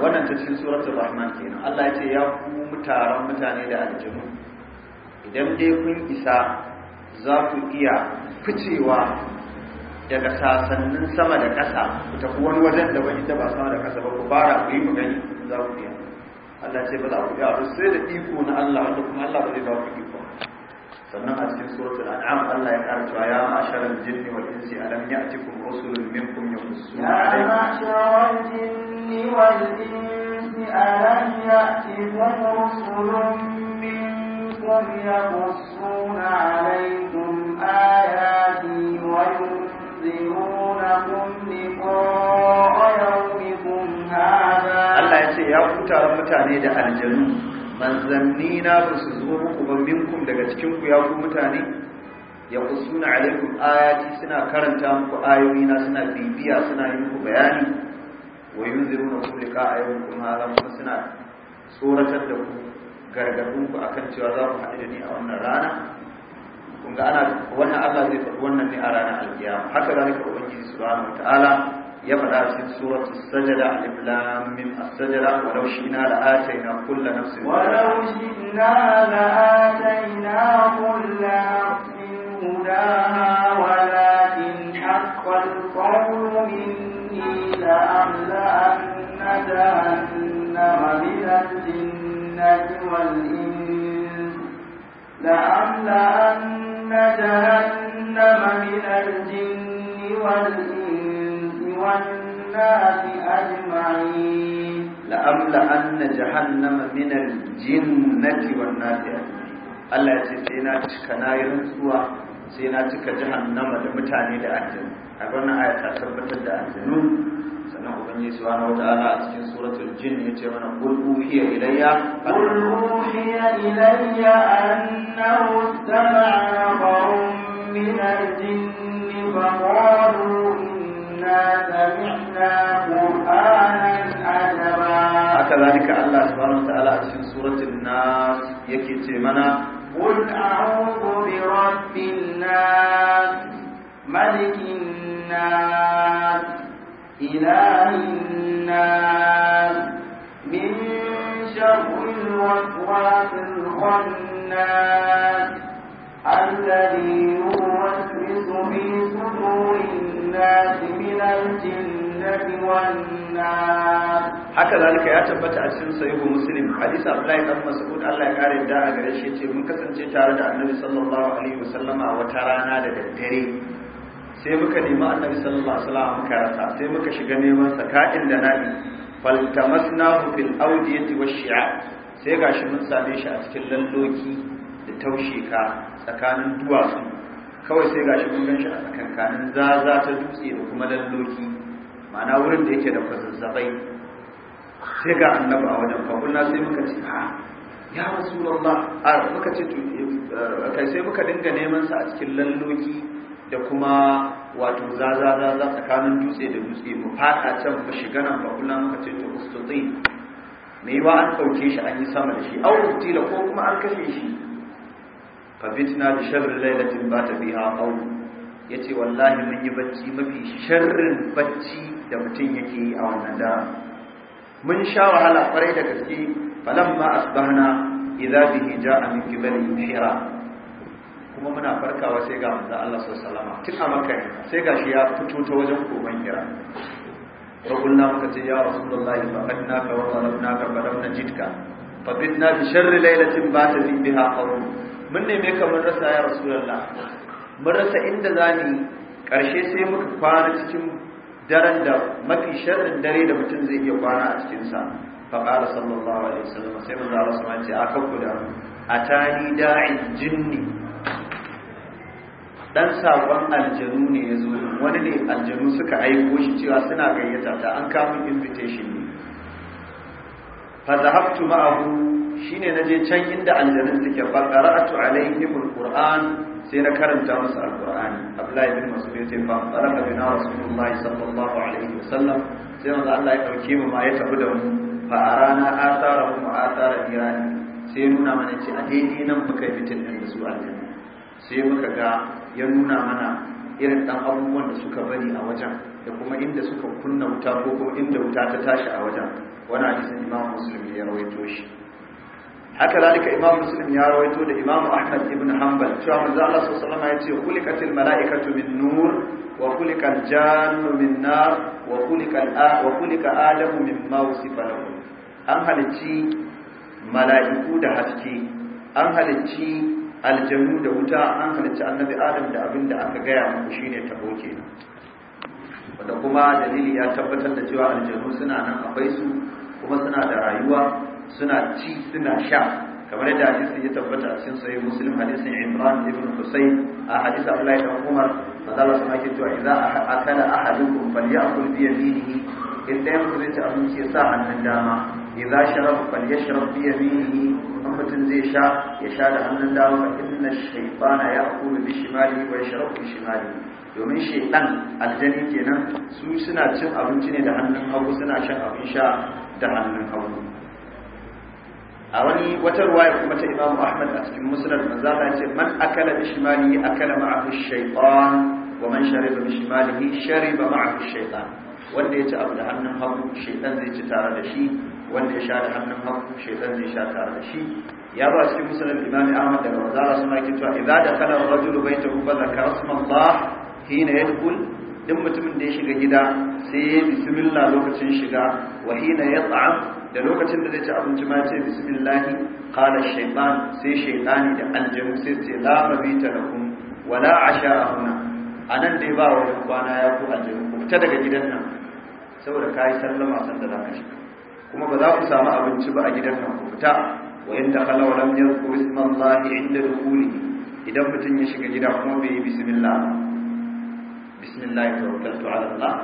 wannan ta cikin suratul rahman kenan Allah ya ce ya ku mutaran mutane da aljinu idan dai kun isa za ku iya ficewa daga sasannin sama da ƙasa ku tafi wani wajen da wani ta ba sama da ƙasa ba ku fara ku yi magani gani za ku biya Allah ce ba za ku biya ba sai da iko na Allah wanda kuma Allah ba zai ba ku iko sannan a cikin suratul an'am Allah ya ƙara cewa ya ma'asharal jinni wal insi alam ya'tikum rusulun minkum yaqussuna alaykum ya ma'asharal jinni wal insi taron mutane da aljanu manzanni na ba su zo muku ban minkum daga cikin ku ya ku mutane ya kusuna alaikum ayati suna karanta muku ayoyi na suna bibiya suna yi muku bayani wa yunziruna kum liqa a hadha kuma suna tsoratar da ku gargadin ku akan cewa za ku haɗu da ni a wannan rana kun ana wannan Allah zai faɗi wannan ne a ranar alkiyama haka zalika ubangiji subhanahu wataala يبدا في سوره السجدة الافلام من السجدة ولو شئنا لاتينا كل نفس ولو شئنا لاتينا كل نفس هداها ولكن حق القول مني لاملان جهنم من الجنه والانس لاملان جهنم من الجن والانس والناس أجمعين لأملأن جهنم من الجنة والناس أجمعين Allah ya ce sai na cika na yi rantsuwa sai na cika jahannama da mutane da aljanu a wannan aya ta tabbatar da aljanu sannan ubangiji wata wataala a cikin suratul jin ya ce mana qul uhiya ilayya qul uhiya ilayya annahu istama'a qawm min al-jinni fa qalu كذلك الله سبحانه وتعالى في سورة الناس يكي منا قل أعوذ برب الناس ملك الناس إله الناس من شر الوسواس الخناس الذي والنار haka zalika ya tabbata a cikin sahihu muslim hadisi Abdullahi dan Mas'ud Allah ya kare da a gare shi ce mun kasance tare da Annabi sallallahu alaihi wasallama wata rana da daddare sai muka nemi Annabi sallallahu alaihi wasallam muka rasa sai muka shiga neman sa ka'in da nabi faltamasnahu fil awdiyati washi'a sai gashi mun same shi a cikin lalloki da taushe ka tsakanin duwatsu kawai sai gashi mun ganshi a tsakankanin zaza ta dutse da kuma lalloki ma'ana wurin da yake da kwazazzabai sai ga annaba a wajen fakulna sai muka ce ha ah, ya rasulullah a muka ce eh, kai sai muka dinga neman sa a cikin lalloki da kuma wato zaza zaza tsakanin dutse da dutse mu fada can mu shiga nan fakulna muka ce to ustuti me yiwa an ɗauke shi an yi sama da shi au tila ko kuma an kashe shi fabitna bi sharri lailatin a biha Ya ce wallahi mun yi bacci mafi sharrin bacci da mutum yake yi a wannan da. mun sha wahala kwarai da gaske falamma asbahna idza bihi ja'a min qibali hira kuma muna farkawa sai ga manzo Allah sallallahu alaihi wasallam tun a makka sai gashi ya fito ta wajen koban kira fa kullu muka ce ya rasulullahi fa anna ka wa talabna ka fa lam najidka fa bidna bi sharri laylatin bata biha qawm mun ne me kamar rasa ya rasulullahi mun rasa inda zani karshe sai muka kwana cikin daren da mafi sharrin dare da mutum zai iya kwana a cikinsa faƙara sallallahu alaihi wasallam sai mun zara sama ce aka kuda tani da'i jinni dan sakon aljanu ne ya zo wani ne aljanu suka aiko shi cewa suna gayyata ta an kawo invitation ne fa zahabtu ma'ahu shine naje can inda aljanun suke fa alaihi alquran sai na karanta masa alqur'ani abdullahi bin mas'ud ya ce fa saraka bina rasulullahi sallallahu alaihi wasallam sai manzo Allah ya ɗauke mu ma ya tafi da mu fa arana athara a athara irani sai nuna mana ce a daidai nan muka yi fitin ɗin da su aljanna sai muka ga ya nuna mana irin ɗan abubuwan da suka bari a wajen da kuma inda suka kunna wuta ko kuma inda wuta ta tashi a wajen wani hadisin imam muslim ya rawaito shi haka zalika imam muslim ya rawaito da imam ahmad ibn hanbal cewa manzo Allah sallallahu alaihi wasallam ya ce khuliqatil malaikatu min nur wa khuliqal jannu min nar wa khuliqal wa khuliqa adamu min wasifa lahu an halicci mala'iku da haske an halicci aljannu da wuta an halicci annabi adam da abin da aka gaya muku shine tabo kenan wanda kuma dalili ya tabbatar da cewa aljannu suna nan akwai su kuma suna da rayuwa suna ci suna sha kamar yadda hadisi ya tabbata a cikin sahih muslim hadisin imran ibn husayn a hadisi abdullahi ibn umar madalla sun ake cewa idza akala ahadukum falyakul bi yaminihi in da yanku zai ci abinci ya sa hannun dama idza sharafa falyashrab bi yaminihi in mutum zai sha ya sha da hannun dama fa inna shaytana ya'kulu bi shimalihi wa yashrabu bi shimalihi domin shaitan aljani kenan su suna cin abinci ne da hannun hagu suna shan abin sha da hannun hagu a wani wata ruwaya kuma ta imamu ahmad a cikin musulun manzo Allah ce man akala bi shimalihi akala ma'ahu shaytan wa man shariba bi shimalihi shariba ma'ahu shaytan wanda ya ci abu da hannun hagu shaytan zai ci tare da shi wanda ya sha da hannun hagu shaytan zai sha tare da shi ya ba cikin musulun imam ahmad da manzo Allah suna ke cewa idza dakala ar-rajulu baytahu fa zakara isma Allah hina yadkhul din mutumin da ya shiga gida sai ya bismillah lokacin shiga wa hina yat'am da lokacin da zai ci abinci ma ce bismillahi qala shaytan sai shaytani da aljanu sai ce la mabita lakum wala asha huna anan dai ba wani kwana ya ku aljanu ku fita daga gidan nan saboda kai sallama san da zaka shiga kuma ba za ku samu abinci ba a gidan nan ku fita wa in dakhala wa lam yadhkur isma allahi inda dukhulihi idan mutum ya shiga gida kuma bai yi bismillah bismillah tawakkaltu ala allah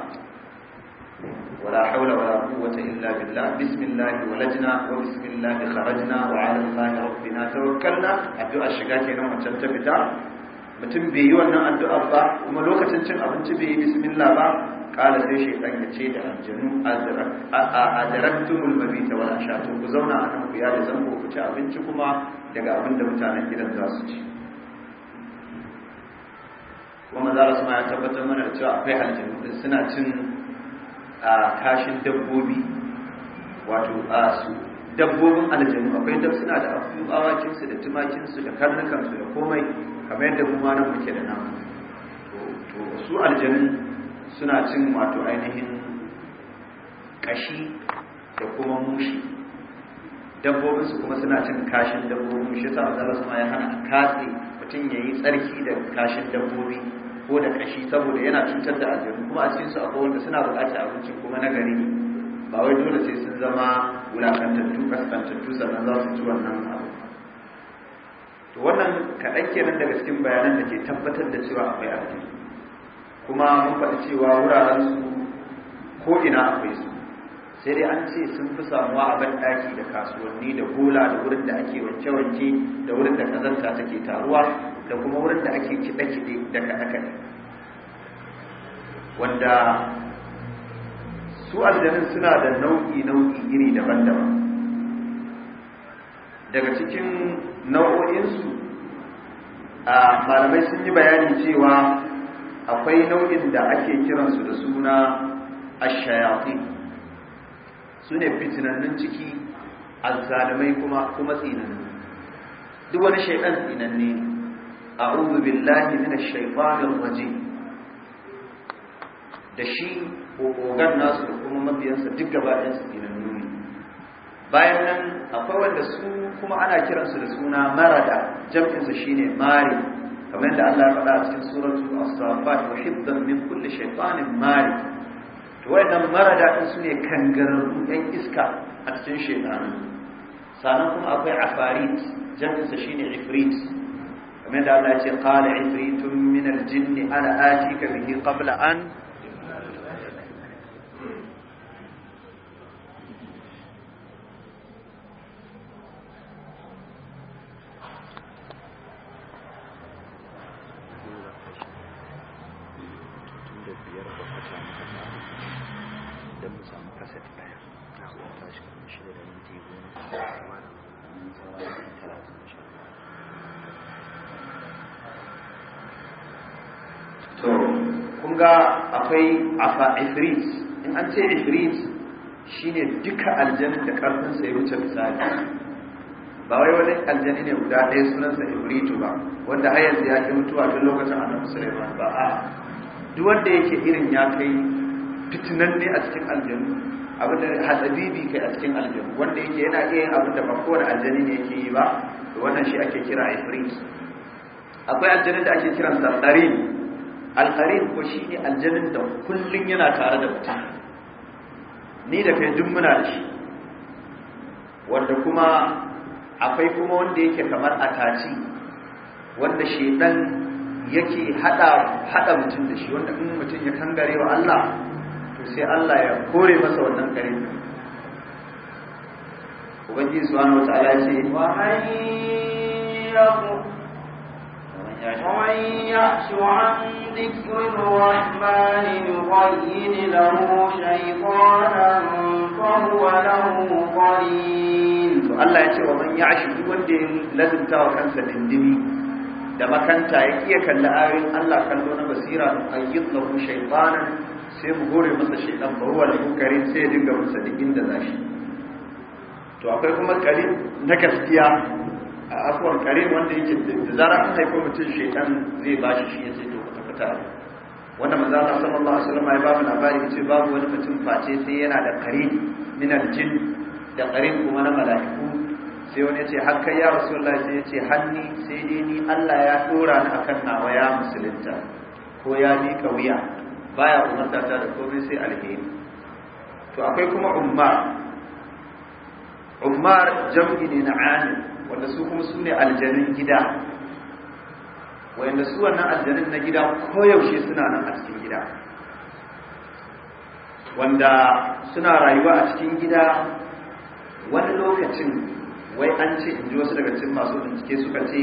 ولا حول ولا قوة إلا بالله بسم الله ولجنا وبسم الله خرجنا وعلى الله ربنا توكلنا الدعاء الشقاتي أنا متلتفتا mutum bai yi wannan addu'ar ba kuma lokacin cin abinci bai yi bismillah ba kala sai shaitan ya ce da aljanu a daraktumul mabita wala shatu ku zauna a nan ku ya da zango ku abinci kuma daga abinda mutanen gidan za su ci kuma maza su ma ya tabbatar mana da cewa akwai aljanu suna cin a kashin dabbobi wato a su dabbobin aljanu akwai dab suna da abu awakinsu da tumakinsu da karnukansu da komai kamar yadda kuma nan muke da nan to su aljanu suna cin wato ainihin kashi da kuma mushi dabbobinsu kuma suna cin kashin dabbobin shi sa Allah ya hana katse mutum ya yi tsarki da kashin dabbobi ko da kashi saboda yana cutar da aljanu kuma a cikin su akwai wanda suna buƙatar abinci kuma na gari ba wai dole sai sun zama wulakantattu kaskantattu sannan za su ci wannan abu to wannan kaɗan kenan daga cikin bayanan da ke tabbatar da cewa akwai aljanu kuma mun faɗi cewa wuraren su ko ina akwai su sai dai an ce sun fi samuwa a banɗaki da kasuwanni da gola da wurin da ake wanke-wanke da wurin da kazanta take taruwa da kuma wurin da ake kiɗe-kiɗe da kaɗe wanda su aljanin suna da nau'i-nau'i iri daban-daban daga cikin nau'o'insu a malamai sun yi bayani cewa akwai nau'in da ake kiransu da suna ashayatin su ne fitinannin ciki azzalimai kuma kuma tsinannu duk wani shaidan tsinanne a billahi minash shaifanin waje da shi ogan nasu da kuma mabiyansa duk gaba su tsinannu ne bayan nan akwai wanda su kuma ana kiransu da suna mara marada shi shine mari kamar da Allah ya faɗa a cikin suratu as-safat wa hibban min kulli shaytanin mari wayannan mara din su ne kangararru ɗan iska a cikin shekaru sannan kuma akwai afarit jan'insa shine ifrit kamar da Allah ya ce qala ifritun min al ana atika bihi qabla an Afa ifrit in an ce ifrit shine duka aljanin da karfin sa ya wuce misali ba wai wani aljani ne guda ɗaya sa ifritu ba wanda har yanzu ya ke mutuwa duk lokacin annabi sulaiman ba a duk wanda yake irin ya kai fitinan ne a cikin aljanu abin da hasabibi kai a cikin aljanu wanda yake yana iya yin abin da ba kowane aljani ne yake yi ba to wannan shi ake kira ifrit akwai aljanin da ake kiran sardarin alkarin ko shi ne aljanin da kullum yana tare da mutum ni da kai duk muna da shi wanda kuma akwai kuma wanda yake kamar ataci wanda shedan yake hada hada mutum da shi wanda in mutum ya kangare wa Allah to sai Allah ya kore masa wannan karin ubangiji subhanahu ta'ala ya ce wa hayya ومن ya ce ذكر الرحمن نقيد له شيطانا فهو ya قرين wa يتي ومن da makanta ya iya kalli ayoyin Allah kallo na basira da ayyid lahu shaytanan sai mu gore masa shaytan baruwa da kokarin sai ya dinga musa duk inda zashi to akwai kuma kalin na gaskiya a afuwar kare wanda yake da zara an haifo mutum shaitan zai ba shi shi ya ce doka ka fita wanda manzo Allah sallallahu alaihi wasallam ya ba mu labari ba babu wani mutum face sai yana da kare min aljin da kare kuma na mala'iku sai wani yace har kai ya rasulullahi sai yace hanni sai dai ni Allah ya dora ni akan nawa ya musulunta ko ya mika wuya baya umarta ta da komai sai alheri to akwai kuma Umar, Umar jam'i ne na alim wanda su kuma su ne aljanun gida wanda su wannan aljanin na gida koyaushe suna nan a cikin gida wanda suna rayuwa a cikin gida wani lokacin wai an ce in ji wasu daga cikin masu bincike suka ce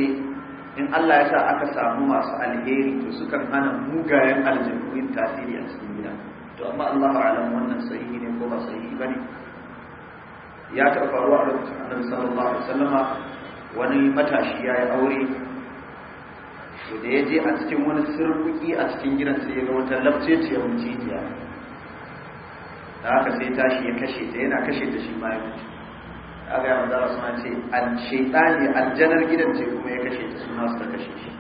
in Allah ya sa aka samu masu alheri to sukan hana mugayen aljanu yin tasiri a cikin gida to amma Allah alam wannan sahihi ne ko ba sahihi bane ya taɓa faruwa a lokacin annabi sallallahu alaihi wasallama wani matashi ya yi aure to da ya je a cikin wani sirkuki a cikin gidan sai ya ga wata lafceciyar mujiya da haka sai tashi ya kashe ta yana kashe ta shi ma ya mutu aka yi manzara suna ce an shaitani aljanar gidan ce kuma ya kashe ta suna suka kashe shi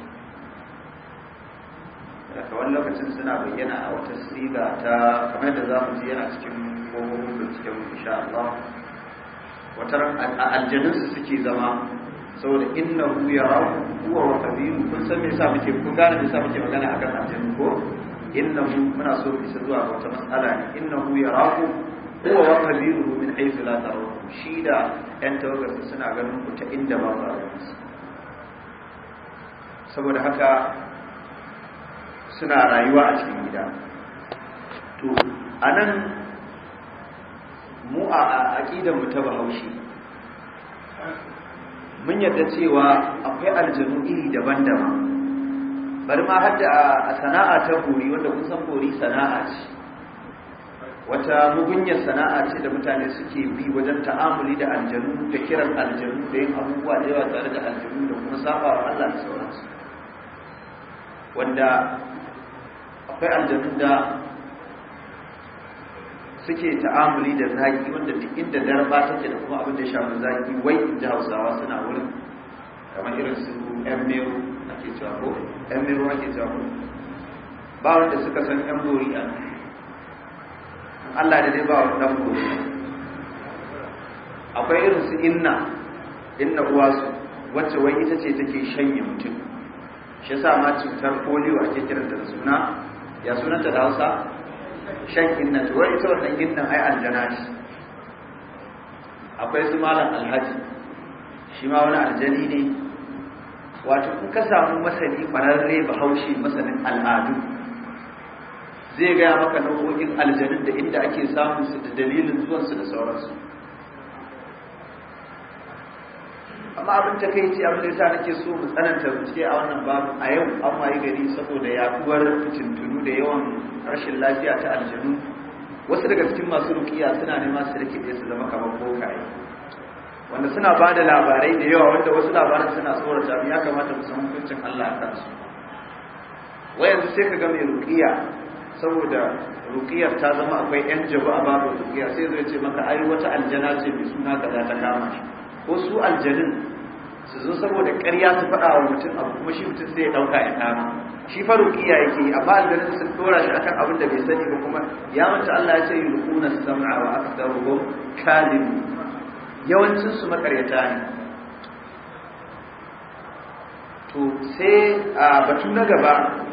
daga wani lokacin suna bayyana a wata siga ta kamar da za mu ji yana cikin kogon binciken insha Allah wata aljanun su suke zama saboda inna hu ya huwa wa qabilu kun san me yasa muke kun gane me yasa muke magana akan aljannu ko inna hu muna so mu isa zuwa wata matsala ne inna hu yara huwa wa qabilu min haythu la tarawun shi da yan tawagar suna ganin ku ta inda ba ba su saboda haka suna rayuwa a cikin gida to anan mu a aƙidar mu ta bahaushe mun yarda cewa akwai aljanu iri daban-daban bari ma hadda a sana'a ta gori wanda kun san gori sana'a ce wata mugunyar sana'a ce da mutane suke bi wajen ta'amuli da aljanu da kiran aljanu da yin abubuwa da yawa tare da aljanu da kuma saba wa Allah da sauransu wanda akwai aljanu da suke ta'amuli da zaki wanda duk inda darba take da kuma abin da shafi zaki wai inda hausawa suna wurin kamar irin su yan meru ake cewa ko yan meru ake cewa ko ba wanda suka san yan bori a Allah da dai ba wa dan bori akwai irin su inna inna uwa su wacce wai ita ce take shanye mutum shi yasa ma cutar polio ake kiranta da suna ya sunanta da Hausa shan inna ita wannan innan ai aljana ce akwai su malam alhaji shi ma wani aljani ne wato in ka samu masani kwararre bahaushe masanin al'adu zai gaya maka nau'o'in aljanin da inda ake samun su da dalilin zuwansu da sauransu amma abin ta kai ce abin da yasa nake so mu tsananta bincike a wannan babu a yau an wayi gari saboda yaduwar fitintunu da yawan rashin lafiya ta aljanu wasu daga cikin masu rukiya suna nema su rike su zama kamar bokaye wanda suna ba da labarai da yawa wanda wasu labaran suna tsorata ya kamata mu samu kuncin Allah a kansu wayanzu sai ka ga mai rukiya saboda rukiyar ta zama akwai yan jabu a babu rukiya sai zai ce maka ai wata aljana ce mai suna kaza ta kama shi ko su aljanin su zo saboda ƙarya su faɗa wa mutum abu kuma shi mutum sai ya ɗauka ya kama shi fa ruqiya yake yi amma aljanin sun dora shi akan abin da bai sani ba kuma ya mace Allah ya ce su zama a aktharuhum kadhib yawancin su makaryata ne to sai a batu na gaba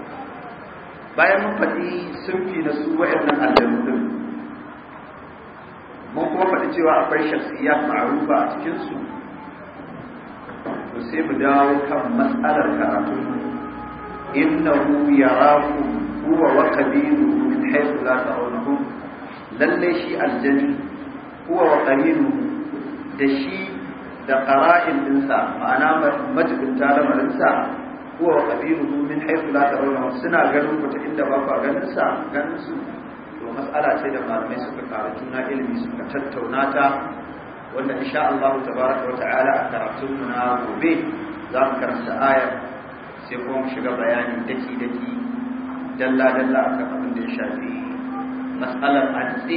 bayan mun faɗi sunfi na su waɗannan aljanu mun kuma faɗi cewa akwai shaksiya ma'arufa a cikinsu? su to sai mu dawo kan matsalar karatu innahu yarakum huwa wa qabiluhu min za ta tarawunhum lalle shi aljani huwa wa qabiluhu da shi da ƙara'in dinsa ma'ana majibinta lamarinsa huwa wa qabiluhu min za ta tarawunhum suna ganin ku ta inda ba ku ganin ganin su mas'ala ce da malamai suka karatu na ilimi suka tattauna ta wanda insha Allah tabaraka wa ta'ala a karatun na gobe za mu karanta aya sai kuma shiga bayani daki daki dalla dalla akan abin da ya shafi mas'alar hadisi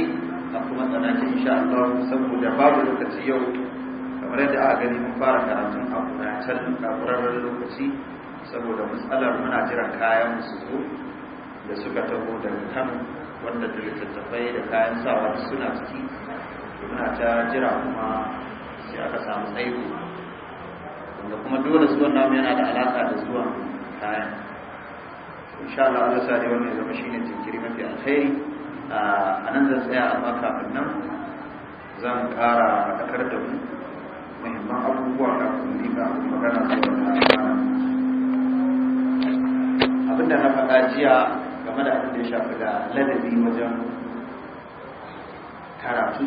a kuma tsanaki insha Allah saboda babu lokaci yau kamar yadda aka gani mun fara karatun a kuracen kakurarren lokaci saboda matsalar muna jiran kayan su zo da suka taho daga Kano wanda da littattafai da kayan sawa suna ciki suna ta jira kuma sai aka samu tsaiko wanda kuma dole zuwan namu yana da alaka da zuwan kayan insha Allah Allah sa wannan zama shine jinkiri mafi alheri a nan zan tsaya amma kafin nan zan ƙara faɗakar da mu muhimman abubuwa kafin mu ga magana da abinda na faɗa jiya game da abin da ya shafi da ladabi wajen karatu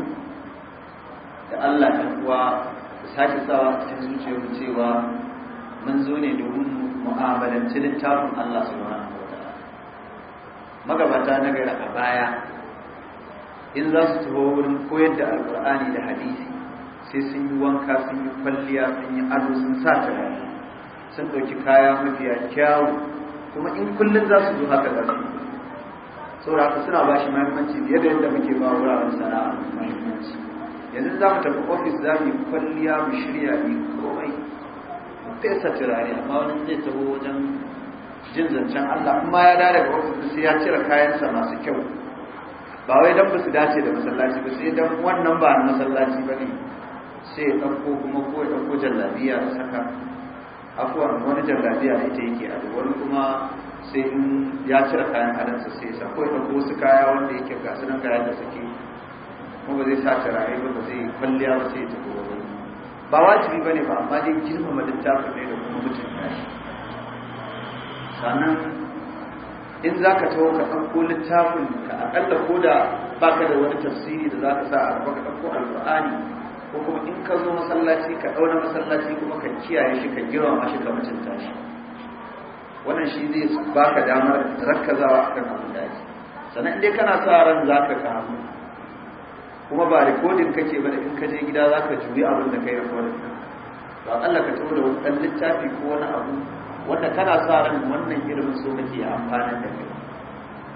da Allah ya kuwa sake sawa cikin zuciyar mu cewa mun zo ne domin mu'amalanci littafin Allah su wataala magabata na gari a baya in za su tuho wurin koyar da alkur'ani da hadisi sai sun yi wanka sun yi kwalliya sun yi ado sun sa turare sun ɗauki kaya mafiya kyawu kuma in kullum za su zo haka da saboda haka suna ba shi mahimmanci fiye da yadda muke ba wuraren sana'a mahimmanci. yanzu za mu tafi ofis za mu yi kwalliya mu shirya mu komai Mu fesa turare amma wani zai taho wajen jin zancen Allah in ya da ga ofis sai ya cire kayansa masu kyau ba wai dan ba su dace da masallaci ba sai dan wannan ba na masallaci ba ne sai ya ɗauko kuma ko ya ɗauko jallabiya saka afuwan wani jallabiya ita yake ado wani kuma sai in ya cire kayan halinsa sai sa ko ya wasu kaya wanda yake ga su nan kayan da suke kuma ba zai sace rayu ba ba zai kwalliya ba sai ya tafi wani ba wajibi ba ne ba amma dai girmama littafin ne da kuma ya shi sannan in za ka tawo ka ɗauko littafin ka aƙalla ko da baka da wani tafsiri da za ka sa a gaba ka ɗauko alƙur'ani ko kuma in ka zo masallaci ka ɗaura masallaci kuma ka kiyaye shi ka girma mashi ka mutunta shi wannan shi zai baka damar rakkazawa akan abin da ake sannan dai kana sa ran za ka kamu kuma ba rikodin kake ba da in ka je gida za ka juyi abin da kai rikodin to Allah ka tawo da wani ɗan littafi ko wani abu wanda kana sa ran wannan irin so kake amfana da kai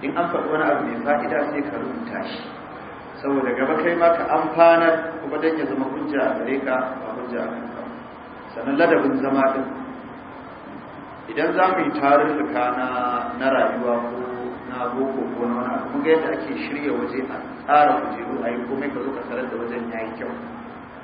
in an faɗi wani abu mai fa'ida sai ka rubuta shi saboda gaba kai ma ka amfana, kuma don ya zama hujja a gare ka ba hujja a kanka sannan ladabin zama din idan za mu yi tarurruka na na rayuwa ko na boko ko na wani abu ga yadda ake shirya waje a tsara kujeru a yi komai ka zo ka tarar da wajen ya yi kyau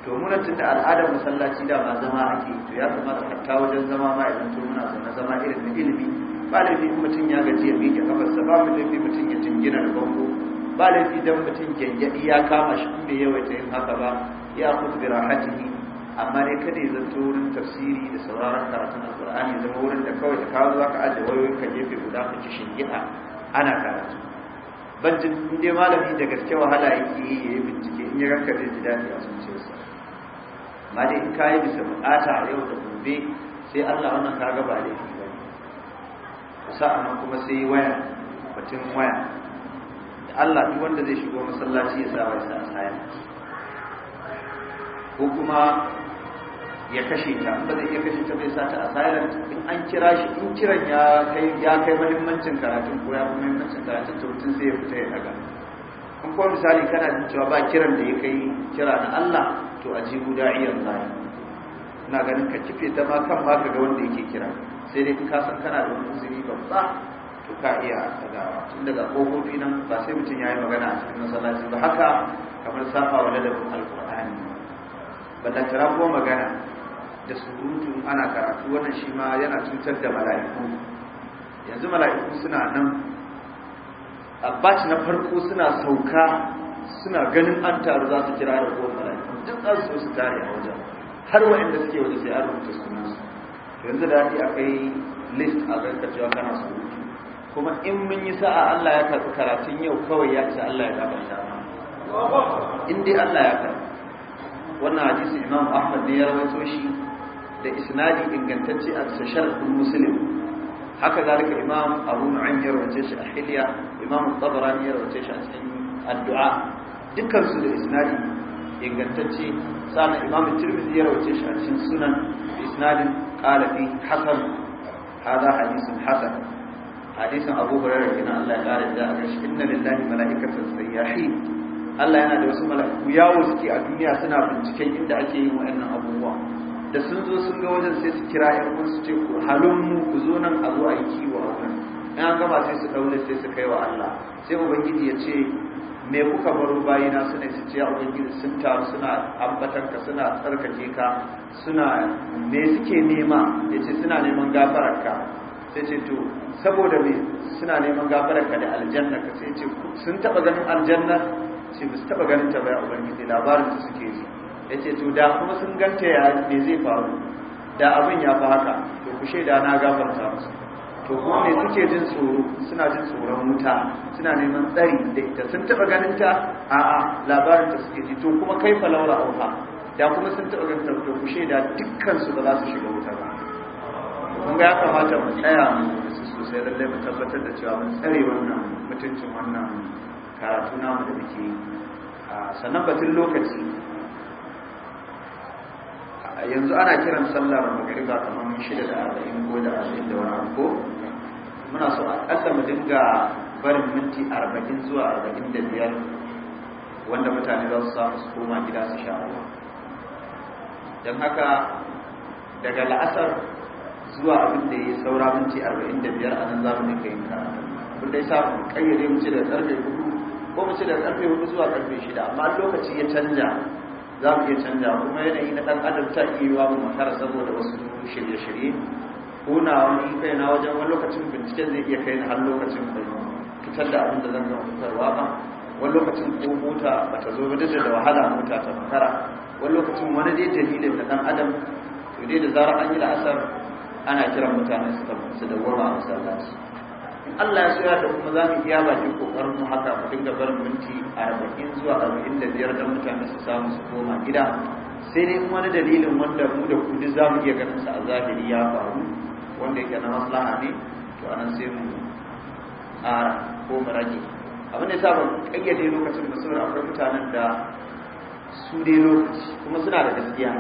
to muna tunda al'adar masallaci da ma zama ake to ya kamata hatta wajen zama ma idan to muna zama zama irin na ilimi ba laifi mutum ya gaji ya miƙe kafarsa ba mu laifi mutum ya jingina da bango ba laifi don mutum gyangyaɗi ya kama shi bai yawaita yin haka ba ya kudu bi rahatihi amma dai kada ya zanto wurin tafsiri da sauraron karatun alqur'ani zama wurin da kawai da kawo ka ajiye wayoyin ka gefe guda ka ci shingiɗa ana karatu ban ji dai malami da gaske wahala yake yi ya yi bincike in ya ranka zai ji daɗi a zuciyarsa amma dai in kayi bisa buƙata a yau da gobe sai allah wannan ka ga ba laifi ba ne sa'annan kuma sai waya batun waya Allah duk wanda zai shigo masallaci ya sa wai sa ko kuma ya kashe ta ba zai iya kashe ta bai sa ta a in an kira shi in kiran ya kai ya kai muhimmancin karatun ko ya muhimmancin karatun to mutum sai ya fita ya daga in kuma misali kana jin cewa ba kiran da ya kai kira na Allah to a jibu da'iyan zai ina ganin ka kife ta ma kan ma ga wanda yake kira sai dai ka san kana da wani uzuri babba to ka iya tsagawa. tun daga kofofi nan ba sai mutum ya yi magana a cikin masallaci ba haka kamar safa wa ladabin alkur'ani ba ta tara ko magana da surutu ana karatu wannan shi ma yana cutar da mala'iku yanzu mala'iku suna nan abbaci na farko suna sauka suna ganin an taru za su kira da kowa mala'iku duk an so su tare a wajen har waɗanda suke wajen sai an rubuta sunansu yanzu da ake akai list a ganka cewa kana surutu kuma in mun yi sa'a Allah ya karɓi karatun yau kawai ya ce Allah ya gafarta in dai Allah ya karɓi wannan hadisi Imam Ahmad ne ya rawaito shi da isnadi ingantacce a bisa sharhul Muslim haka zalika Imam Abu Nu'aym ya rawaito shi a Hilya Imam Tabarani ya rawaito shi a cikin addu'a dukkan su da isnadi ingantacce sannan Imam Tirmidhi ya rawaito shi a cikin sunan isnadin qala fi hasan hada hadisin hasan hadisin Abu Hurairah kina Allah ya kare da aka shi inna lillahi malaikatan sayyahi Allah yana da wasu mala'iku yawo suke a duniya suna binciken inda ake yin waɗannan abubuwa da sun zo sun ga wajen sai su kira 'yan uwan su ce ku halun mu ku zo nan a zo a yi kiwo a in an gama sai su daure sai su kai wa Allah sai ubangiji ya ce me kuka baro bayina suna su ce a ubangiji sun taru suna ambatan ka suna tsarkake ka suna me suke nema yace suna neman gafarar ka sai ce to saboda me suna neman gafararka da aljanna ka sai ce sun taba ganin aljanna ce ba su taba ganin ta ba ya ubangiji labarin su suke ji ya ce to da kuma sun ganta ya me zai faru da abin ya fi haka to ku shaida na gafarta musu to kuma me suke jin tsoro suna jin tsoron wuta suna neman tsari da ita sun taba ganin ta a'a labarin ta suke ji to kuma kai fa auha da kuma sun taba ganin ta to ku shaida dukkan su ba za su shiga wuta kun ga ya kamata mu tsaya mu sosai lallai mu tabbatar da cewa mun tsare wannan mutuncin wannan karatu namu da muke yi sannan batun lokaci yanzu ana kiran sallar magariba kamar shida da arba'in ko da arba'in da wani ko? muna so a ƙasa mu dinga barin minti arba'in zuwa arba'in da biyar wanda mutane za su samu su koma gida su sha ruwa don haka daga la'asar zuwa abin da ya saura minti arba'in da biyar a nan za mu ka yin karatu kun dai sa mu kayyade mu ce da karfe hudu ko mu ce da karfe hudu zuwa karfe shida amma lokaci ya canja za mu iya canja kuma yanayi na ɗan adam ta iya yiwa mu makara saboda wasu shirye-shirye ko na wani kai na wajen wani lokacin binciken zai iya kai na har lokacin bai fitar da abin da zan zama fitarwa ba wani lokacin ko mota ba ta zo ba duk da wahala mota ta makara wani lokacin wani dai dalilin da ɗan adam to dai da zarar an yi la'asar ana kiran mutane su su da dawwama a masallaci Allah ya soya da kuma za mu iya bakin kokarin mu haka mu dinga barin minti arba'in zuwa arba'in da biyar don mutane su samu su koma gida sai dai wani dalilin wanda mu da kudi za mu iya ganin sa a zahiri ya faru wanda yake na maslaha ne to anan sai mu a ko mu rage abin da ya saba kayyade lokacin musamman akwai mutanen da su dai lokaci kuma suna da gaskiya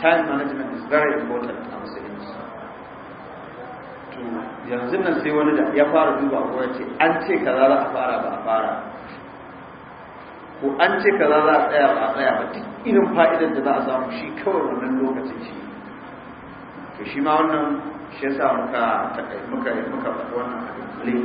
time management is very important a musulmi yanzu nan sai wani da ya fara duba ko ya ce an ce kaza za a fara ba a fara ko an ce kaza za a tsaya ba a tsaya ba duk irin fa'idar da za a samu shi kawai wannan lokacin shi to shi ma wannan shi ya sa muka muka muka faɗi wannan hadisi